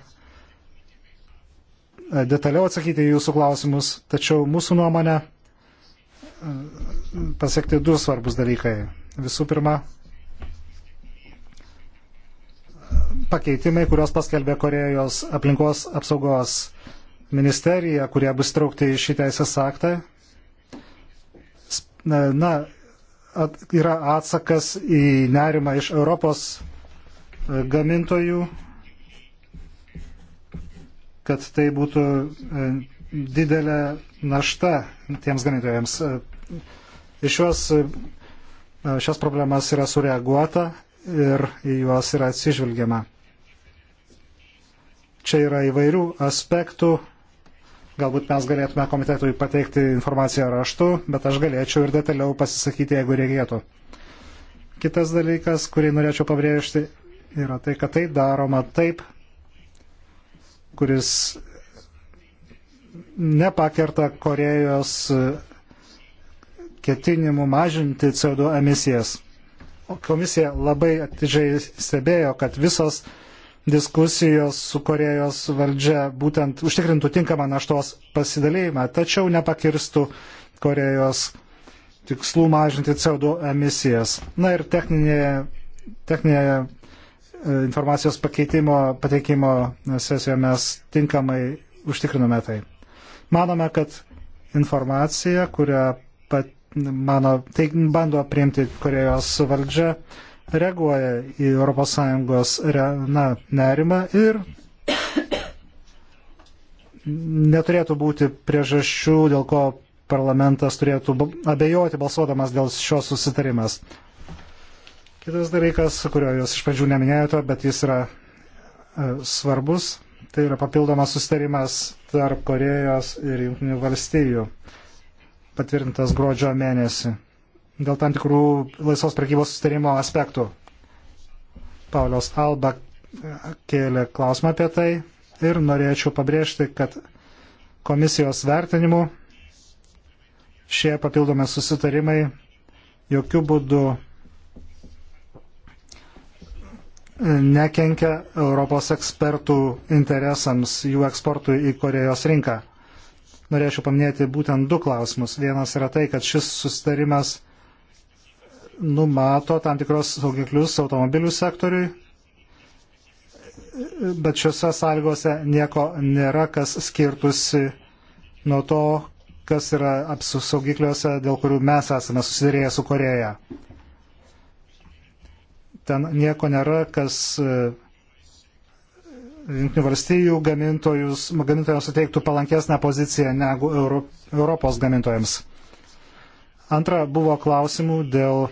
detaliau atsakyti į jūsų klausimus, tačiau mūsų nuomonė e, pasiekti du svarbus dalykai. Visų pirma, pakeitimai, kuriuos paskelbė Korejos aplinkos apsaugos ministerija, kurie bus traukti į šį teisės aktą. E, na, at, yra atsakas į nerimą iš Europos e, gamintojų, kad tai būtų e, didelė našta tiems gamintojams. E, iš juos šias problemas yra sureaguota ir į juos yra atsižvelgiama. Čia yra įvairių aspektų Galbūt mes galėtume komitetui pateikti informaciją raštu, bet aš galėčiau ir detaliau pasisakyti, jeigu reikėtų. Kitas dalykas, kurį norėčiau pabrėžti, yra tai, kad tai daroma taip, kuris nepakerta Korejos ketinimų mažinti CO2 emisijas. Komisija labai atidžiai stebėjo, kad visos diskusijos su Korejos valdžia būtent užtikrintų tinkamą naštos pasidalėjimą, tačiau nepakirstų Korejos tikslų mažinti CO2 emisijas. Na ir techninėje, techninėje informacijos pakeitimo, pateikimo sesijoje mes tinkamai užtikrinome tai. Manome, kad informacija, kurią pat, mano, tai bando priimti Korejos valdžia, reaguoja į ES re, na, nerimą ir neturėtų būti priežasčių, dėl ko parlamentas turėtų abejoti balsuodamas dėl šios susitarimas. Kitas dalykas, kurio jūs iš pradžių neminėjote, bet jis yra e, svarbus, tai yra papildomas susitarimas tarp Korejos ir Junktinių valstijų, patvirtintas gruodžio mėnesį dėl tam tikrų laisvos prekybos sustarimo aspektų. Paulius Alba e, kėlė klausimą apie tai ir norėčiau pabrėžti, kad komisijos vertinimu šie papildomi susitarimai jokių būdų nekenkia Europos ekspertų interesams jų eksportui į Korejos rinką. Norėčiau paminėti būtent du klausimus. Vienas yra tai, kad šis susitarimas numato tam tikros saugiklius automobilių sektoriui, bet šiuose sąlygose nieko nėra, kas skirtusi nuo to, kas yra apsaugikliuose, dėl kurių mes esame susidėrėję su Koreja. Ten nieko nėra, kas e, Junktinių valstybių gamintojams suteiktų palankesnę poziciją negu Euro, Europos gamintojams. Antra, buvo klausimų dėl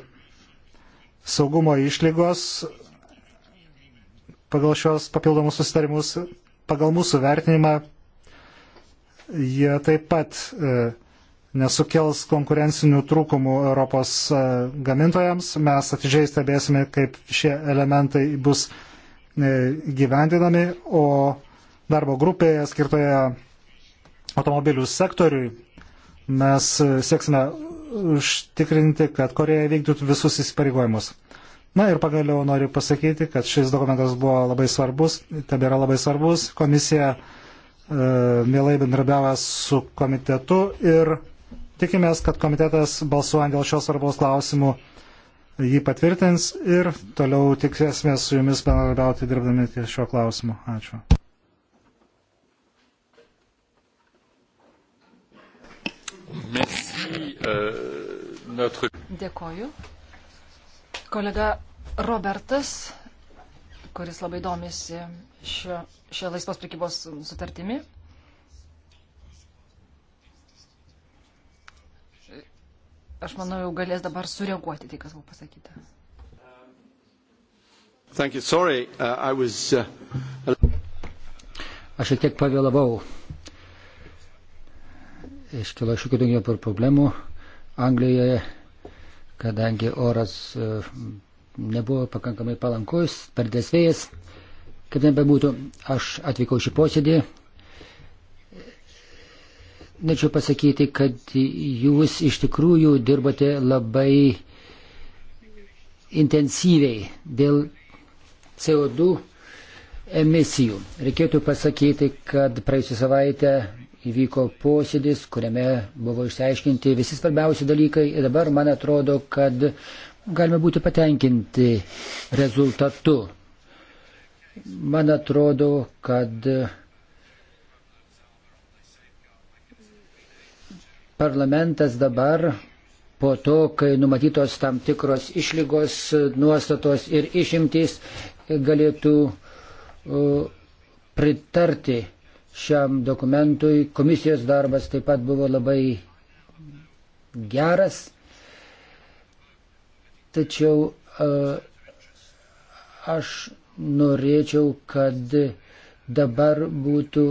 saugumo išlygos pagal šios papildomus susitarimus, pagal mūsų vertinimą, jie taip pat e, nesukels konkurencinių trūkumų Europos e, gamintojams. Mes atidžiai stebėsime, kaip šie elementai bus e, gyvendinami, o darbo grupėje skirtoje automobilių sektoriui mes sieksime užtikrinti, kad Koreja vykdytų visus įsipareigojimus. Na ir pagaliau noriu pasakyti, kad šis dokumentas buvo labai svarbus, tebėra labai svarbus. Komisija e, mielai bendrabiavo su komitetu ir tikimės, kad komitetas balsuojant dėl šios svarbaus klausimų jį patvirtins ir toliau tiksėsime su jumis bendrabiauti dirbdami ties šiuo klausimu. Ačiū. Euh, notre... Dėkoju. Kolega Robertas, kuris labai domisi šio, šio laisvos prekybos sutartimi. Aš manau, jau galės dabar sureaguoti tai, kas buvo pasakyta. Thank you. Sorry, uh, I was, uh... Aš šiek tiek pavėlavau. Iškilo šiek tiek daugiau problemų Anglijoje, kadangi oras e, nebuvo pakankamai palankus, per desvėjas. Kaip ten bebūtų, aš atvykau šį posėdį. Norėčiau pasakyti, kad jūs iš tikrųjų dirbate labai intensyviai dėl CO2 emisijų. Reikėtų pasakyti, kad praėjusią savaitę įvyko posėdis, kuriame buvo išsiaiškinti visi svarbiausi dalykai ir dabar man atrodo, kad galime būti patenkinti rezultatu. Man atrodo, kad parlamentas dabar po to, kai numatytos tam tikros išlygos, nuostatos ir išimtys galėtų uh, pritarti šiam dokumentui. Komisijos darbas taip pat buvo labai geras. Tačiau e, aš norėčiau, kad dabar būtų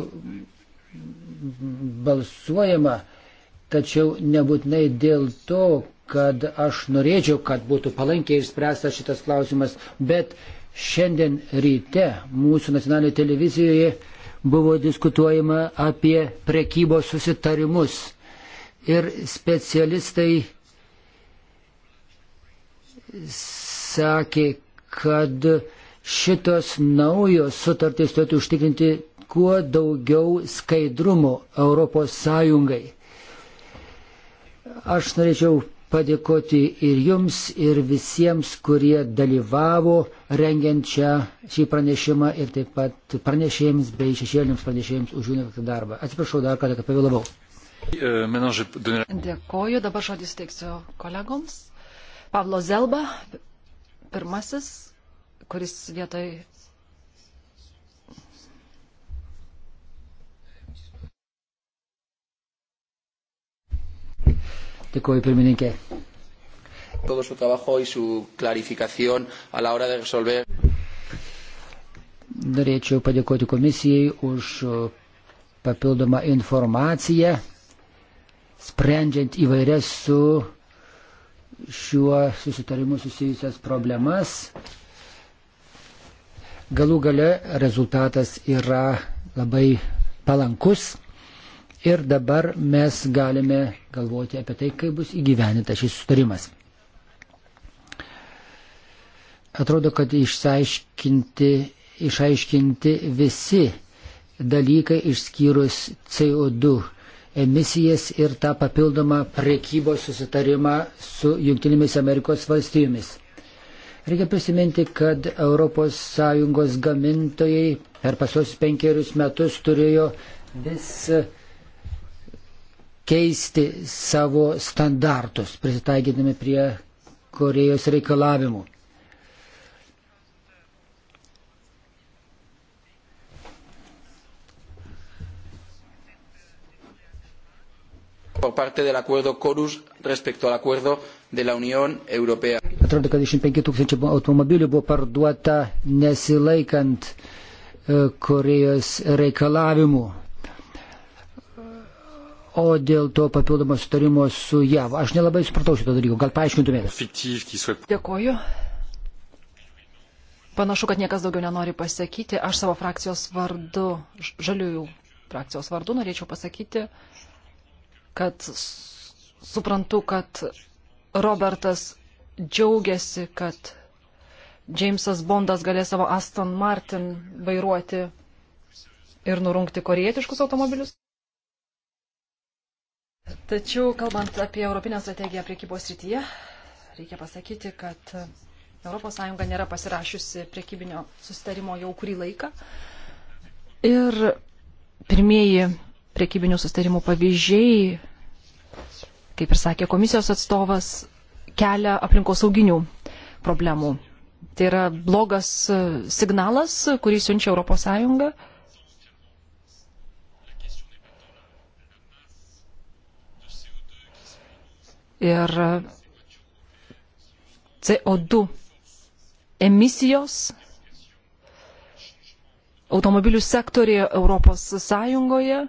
balsuojama, tačiau nebūtinai dėl to, kad aš norėčiau, kad būtų palankiai išspręstas šitas klausimas, bet šiandien ryte mūsų nacionalinėje televizijoje buvo diskutuojama apie prekybos susitarimus. Ir specialistai sakė, kad šitos naujos sutartys turėtų užtikrinti kuo daugiau skaidrumo Europos Sąjungai. Aš norėčiau padėkoti ir jums, ir visiems, kurie dalyvavo rengiant čia šį pranešimą ir taip pat pranešėjams bei šešėliniams pranešėjams už jų nekokią darbą. Atsiprašau dar kartą, kad pavėlavau. E, Dėkoju, dabar žodį steiksiu kolegoms. Pavlo Zelba, pirmasis, kuris vietoj Dėkuoju, pirmininkė. Todo su trabajo y su clarificación a la hora de resolver. Norėčiau padėkoti komisijai už papildomą informaciją, sprendžiant įvairias su šiuo susitarimu susijusias problemas. Galų gale rezultatas yra labai palankus. Ir dabar mes galime galvoti apie tai, kaip bus įgyveninta šis sustarimas. Atrodo, kad išsiaiškinti, išaiškinti visi dalykai išskyrus CO2 emisijas ir tą papildomą priekybos susitarimą su Junktinėmis Amerikos valstybėmis. Reikia prisiminti, kad ES gamintojai per pasos penkerius metus turėjo vis keisti savo standartus, prisitaikydami prie Korejos reikalavimų. por parte del acuerdo Corus respecto al acuerdo de la Unión Europea. Atrodo, kad 25 tūkstančių automobilių buvo parduota nesilaikant e, Korejos reikalavimų. O dėl to papildomo sutarimo su JAV, aš nelabai supratau šito dalyko, gal paaiškintumėte? Dėkoju. Panašu, kad niekas daugiau nenori pasakyti. Aš savo frakcijos vardu, žaliųjų frakcijos vardu, norėčiau pasakyti, kad suprantu, kad Robertas džiaugiasi, kad Džeimsas Bondas galės savo Aston Martin vairuoti ir nurungti korietiškus automobilius. Tačiau, kalbant apie Europinę strategiją priekybos rytyje, reikia pasakyti, kad ES nėra pasirašiusi priekybinio sustarimo jau kurį laiką. Ir pirmieji priekybinių sustarimų pavyzdžiai, kaip ir sakė komisijos atstovas, kelia aplinkosauginių problemų. Tai yra blogas signalas, kurį siunčia ES ir CO2 emisijos automobilių sektorėje Europos Sąjungoje.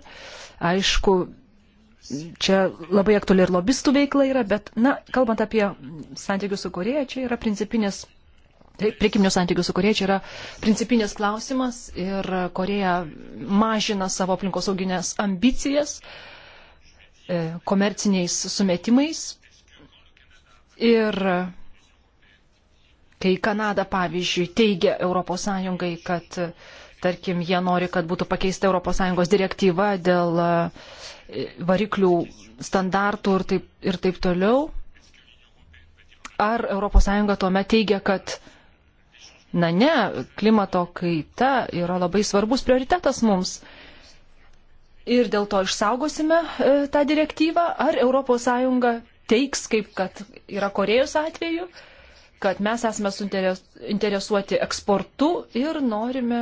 Aišku, čia labai aktuali ir lobistų veikla yra, bet, na, kalbant apie santykius su Koreja, čia yra principinės. Tai priekimnių santykių su Koreja čia yra principinės klausimas ir Koreja mažina savo aplinkosauginės ambicijas e, komerciniais sumetimais, Ir kai Kanada, pavyzdžiui, teigia ES, kad, tarkim, jie nori, kad būtų pakeista ES direktyva dėl e, variklių standartų ir taip, ir taip toliau, ar ES tuomet teigia, kad Na ne, klimato kaita yra labai svarbus prioritetas mums. Ir dėl to išsaugosime e, tą direktyvą, ar ES teiks, kaip kad yra Korejos atveju, kad mes esame suinteresuoti eksportu ir norime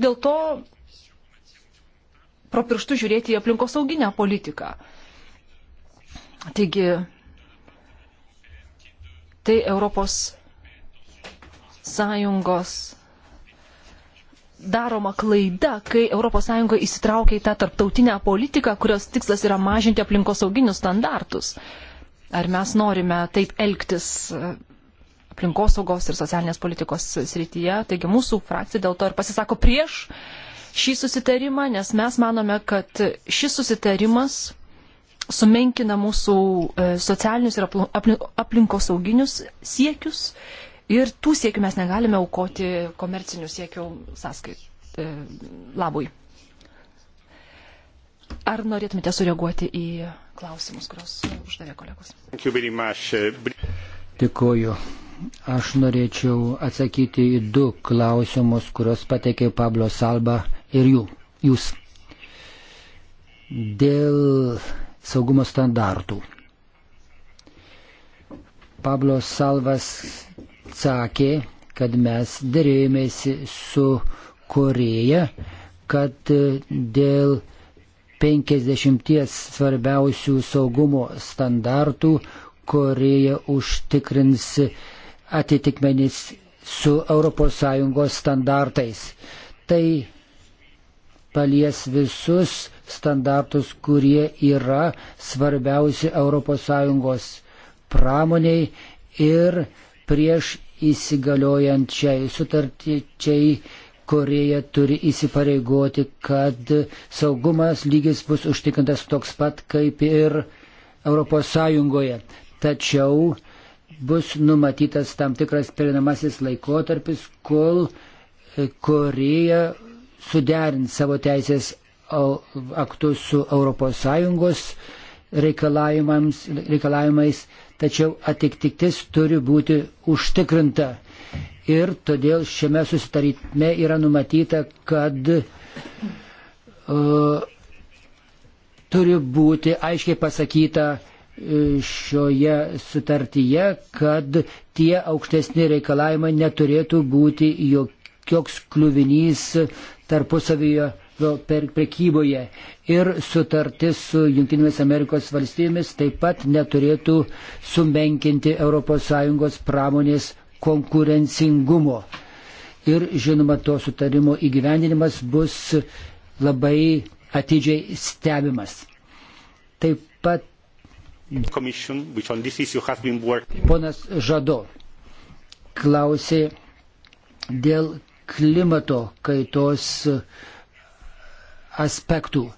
dėl to pro pirštų žiūrėti į aplinkosauginę politiką. Taigi, tai Europos Sąjungos daroma klaida, kai ES įsitraukia į tą tarptautinę politiką, kurios tikslas yra mažinti aplinkosauginius standartus. Ar mes norime taip elgtis e, aplinkosaugos ir socialinės politikos srityje? Taigi mūsų frakcija dėl to ir pasisako prieš šį susitarimą, nes mes manome, kad šis susitarimas sumenkina mūsų e, socialinius ir aplinkosauginius siekius Ir tų siekių mes negalime aukoti komercinių siekių sąskait e, labui. Ar norėtumėte sureaguoti į klausimus, kurios uždavė kolegos? Dėkuoju. Aš norėčiau atsakyti į du klausimus, kuriuos pateikė Pablo Salba ir jų, jūs. Dėl saugumo standartų. Pablo Salvas sakė, kad mes dėrėjomėsi su Koreja, kad e, dėl 50 svarbiausių saugumo standartų Koreja užtikrins atitikmenis su ES standartais. Tai palies visus standartus, kurie yra svarbiausi ES pramoniai ir prieš įsigaliojant šiai sutartyčiai Koreja turi įsipareigoti, kad saugumas lygis bus užtikrintas toks pat kaip ir ES. Tačiau bus numatytas tam tikras perinamasis laikotarpis, kol e, Koreja suderint savo teisės aktus su ES reikalavimais, tačiau atitiktis turi būti užtikrinta. Ir todėl šiame susitarime yra numatyta, kad uh, turi būti aiškiai pasakyta e, šioje sutartyje, kad tie aukštesni reikalavimai neturėtų būti joks kliuvinys tarpusavyje prekyboje ir sutartis su Junktinėmis Amerikos valstybėmis taip pat neturėtų sumenkinti ES pramonės konkurencingumo. Ir žinoma, to sutarimo įgyvendinimas bus labai atidžiai stebimas. Taip pat ponas Žado klausė dėl klimato kaitos uh, aspektų.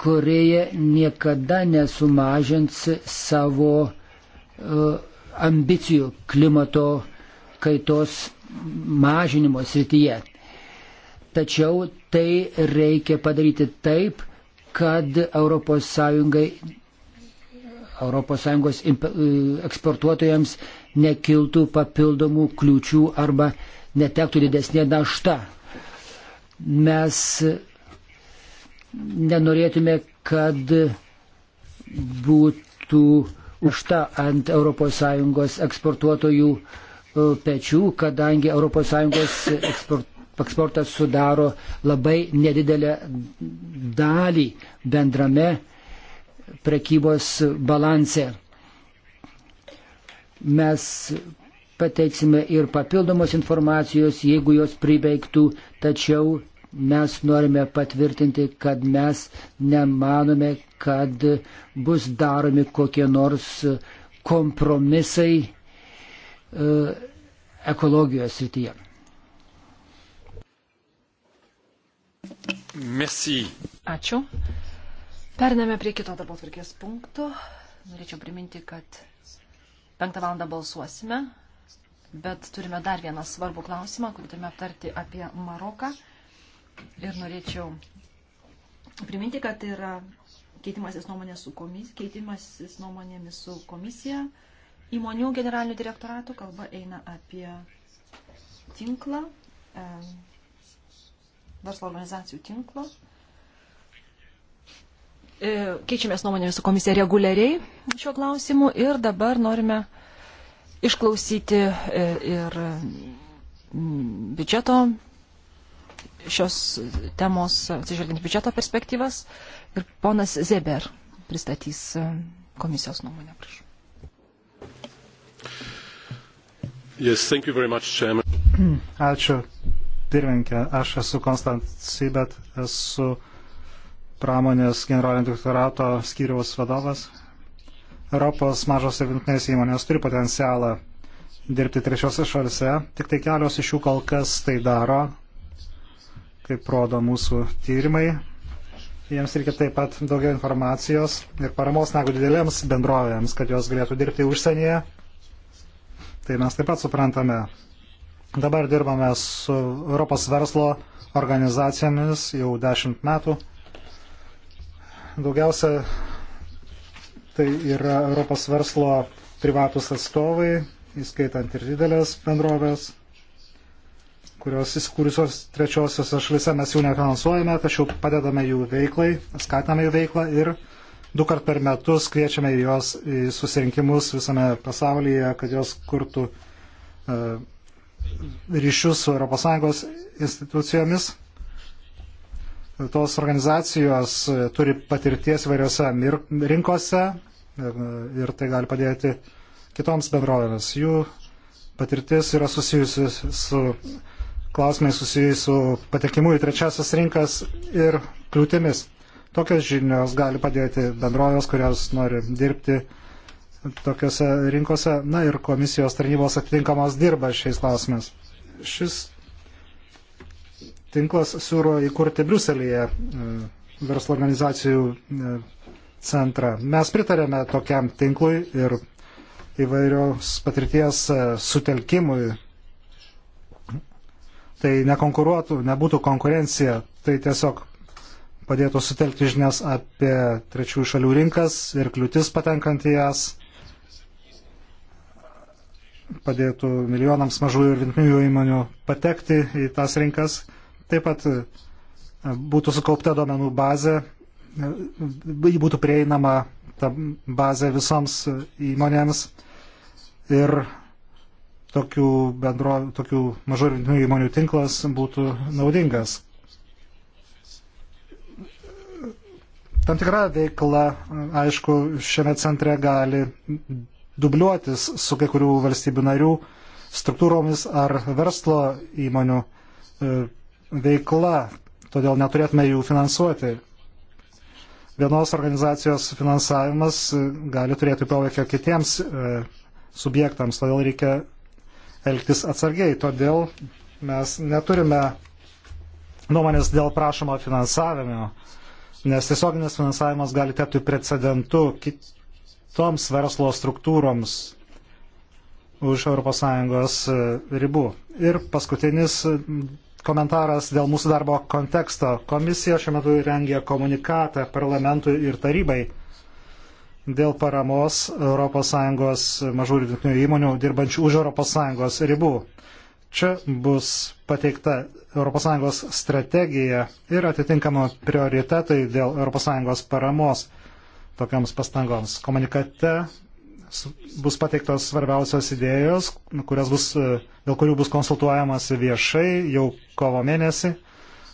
Koreja niekada nesumažins savo uh, ambicijų klimato kaitos mažinimo srityje. Tačiau tai reikia padaryti taip, kad ES, ES e, eksportuotojams nekiltų papildomų kliūčių arba netektų didesnė našta Mes nenorėtume, kad būtų užta ant ES eksportuotojų e, pečių, kadangi ES eksportas sudaro labai nedidelę dalį bendrame prekybos balanse. Mes pateiksime ir papildomos informacijos, jeigu jos priveiktų, tačiau mes norime patvirtinti, kad mes nemanome, kad bus daromi kokie nors kompromisai e, ekologijos srityje. Merci. Ačiū. Pername prie kito darbo tvarkės punkto. Norėčiau priminti, kad penktą valandą balsuosime, bet turime dar vieną svarbų klausimą, kurį turime aptarti apie Maroką. Ir norėčiau priminti, kad tai yra keitimasis, nuomonės su komis, keitimasis nuomonėmis su komisija, įmonių generalinių direktoratų, kalba eina apie tinklą, e, verslo organizacijų tinklą. E, keičiamės nuomonėmis su komisija reguliariai šiuo klausimu ir dabar norime išklausyti e, ir biudžeto šios temos atsižvelgiant biudžeto perspektyvas. Ir ponas Zeber pristatys e, komisijos nuomonę, prašau. Yes, much, Ačiū, pirmininkė. Aš esu Konstantin, bet esu pramonės generalinio doktorato skyriaus vadovas. Europos mažos ir vidutinės įmonės turi potencialą dirbti trečiose šalise, tik tai kelios iš jų kol kas tai daro, kaip rodo mūsų tyrimai. Jiems reikia taip pat daugiau informacijos ir paramos negu didelėms bendrovėms, kad jos galėtų dirbti užsienyje. Tai mes taip pat suprantame. Dabar dirbame su Europos verslo organizacijomis jau dešimt metų. Daugiausia tai yra Europos verslo privatus atstovai, įskaitant ir didelės bendrovės kurios įsikūrusios trečiosiose šalise mes jų nefinansuojame, tačiau padedame jų veiklai, skatiname jų veiklą ir du kart per metus kviečiame jos į susirinkimus visame pasaulyje, kad jos kurtų uh, ryšius su ES institucijomis. Tos organizacijos e, turi patirties vairiose rinkose e, ir tai gali padėti kitoms bendrovėmis. Jų patirtis yra susijusi su klausimai susijęs su patekimu į trečiasias rinkas ir kliūtimis. Tokios žinios gali padėti bendrovės, kurios nori dirbti tokiuose rinkose. Na ir komisijos tarnybos atitinkamos dirba šiais klausimais. Šis tinklas siūro įkurti Bruselėje e, verslo organizacijų e, centrą. Mes pritarėme tokiam tinklui ir įvairios patirties e, sutelkimui tai nekonkuruotų, nebūtų konkurencija, tai tiesiog padėtų sutelkti žinias apie trečiųjų šalių rinkas ir kliūtis patenkant į jas, padėtų milijonams mažųjų ir vidutinių įmonių patekti į tas rinkas, taip pat e, būtų sukaupta duomenų bazė, e, ji būtų prieinama ta bazė visoms e, įmonėms ir tokių, bendro, tokių mažų ir vidutinių įmonių tinklas būtų naudingas. Tam tikra veikla, aišku, šiame centre gali dubliuotis su kai kurių valstybių narių struktūromis ar verslo įmonių e, veikla, todėl neturėtume jų finansuoti. Vienos organizacijos finansavimas e, gali turėti poveikio kitiems e, subjektams, todėl reikia elgtis atsargiai. Todėl mes neturime nuomonės dėl prašomo finansavimo, nes tiesioginis finansavimas gali tapti precedentu kitoms verslo struktūroms už ES ribų. Ir paskutinis komentaras dėl mūsų darbo konteksto. Komisija šiuo metu rengia komunikatą parlamentui ir tarybai dėl paramos ES mažų ir vidutinių įmonių dirbančių už ES ribų. Čia bus pateikta ES strategija ir atitinkama prioritetai dėl ES paramos tokiams pastangoms. Komunikate bus pateiktos svarbiausios idėjos, bus, dėl kurių bus konsultuojamas viešai jau kovo mėnesį.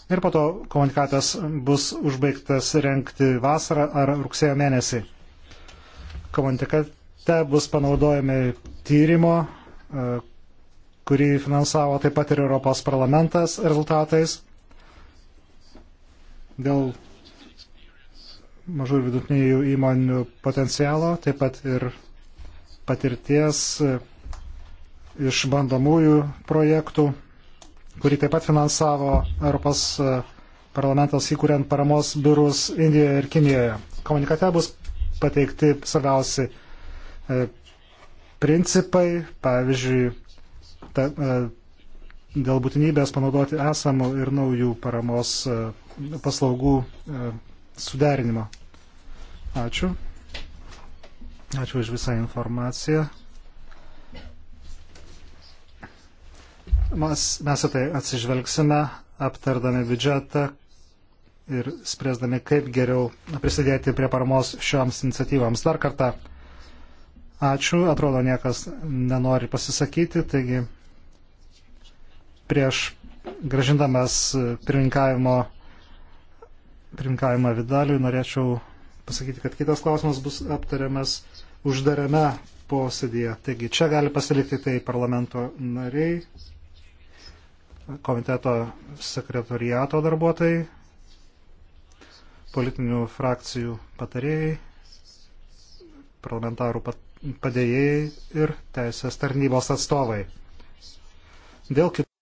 Ir po to komunikatas bus užbaigtas renkti vasarą ar rugsėjo mėnesį komunikate bus panaudojami tyrimo, e, kurį finansavo taip pat ir Europos parlamentas rezultatais dėl mažų ir vidutinių įmonių potencialo, taip pat ir patirties e, iš bandomųjų projektų, kurį taip pat finansavo Europos e, parlamentas įkūrent paramos biurus Indijoje ir Kinijoje. Komunikate bus pateikti svarbiausi e, principai, pavyzdžiui, ta, e, dėl būtinybės panaudoti esamų ir naujų paramos e, paslaugų suderinimo. Ačiū. Ačiū už visą informaciją. Mes, mes tai atsižvelgsime, aptardami biudžetą, ir spręsdami, kaip geriau prisidėti prie paramos šioms iniciatyvams. Dar kartą ačiū, atrodo niekas nenori pasisakyti, taigi prieš gražindamas pirmininkavimo, pirmininkavimą Vidaliui norėčiau pasakyti, kad kitas klausimas bus aptariamas uždarame posėdėje. Taigi čia gali pasilikti tai parlamento nariai, komiteto sekretoriato darbuotojai politinių frakcijų patarėjai, parlamentarų padėjėjai ir teisės tarnybos atstovai. Dėl kitų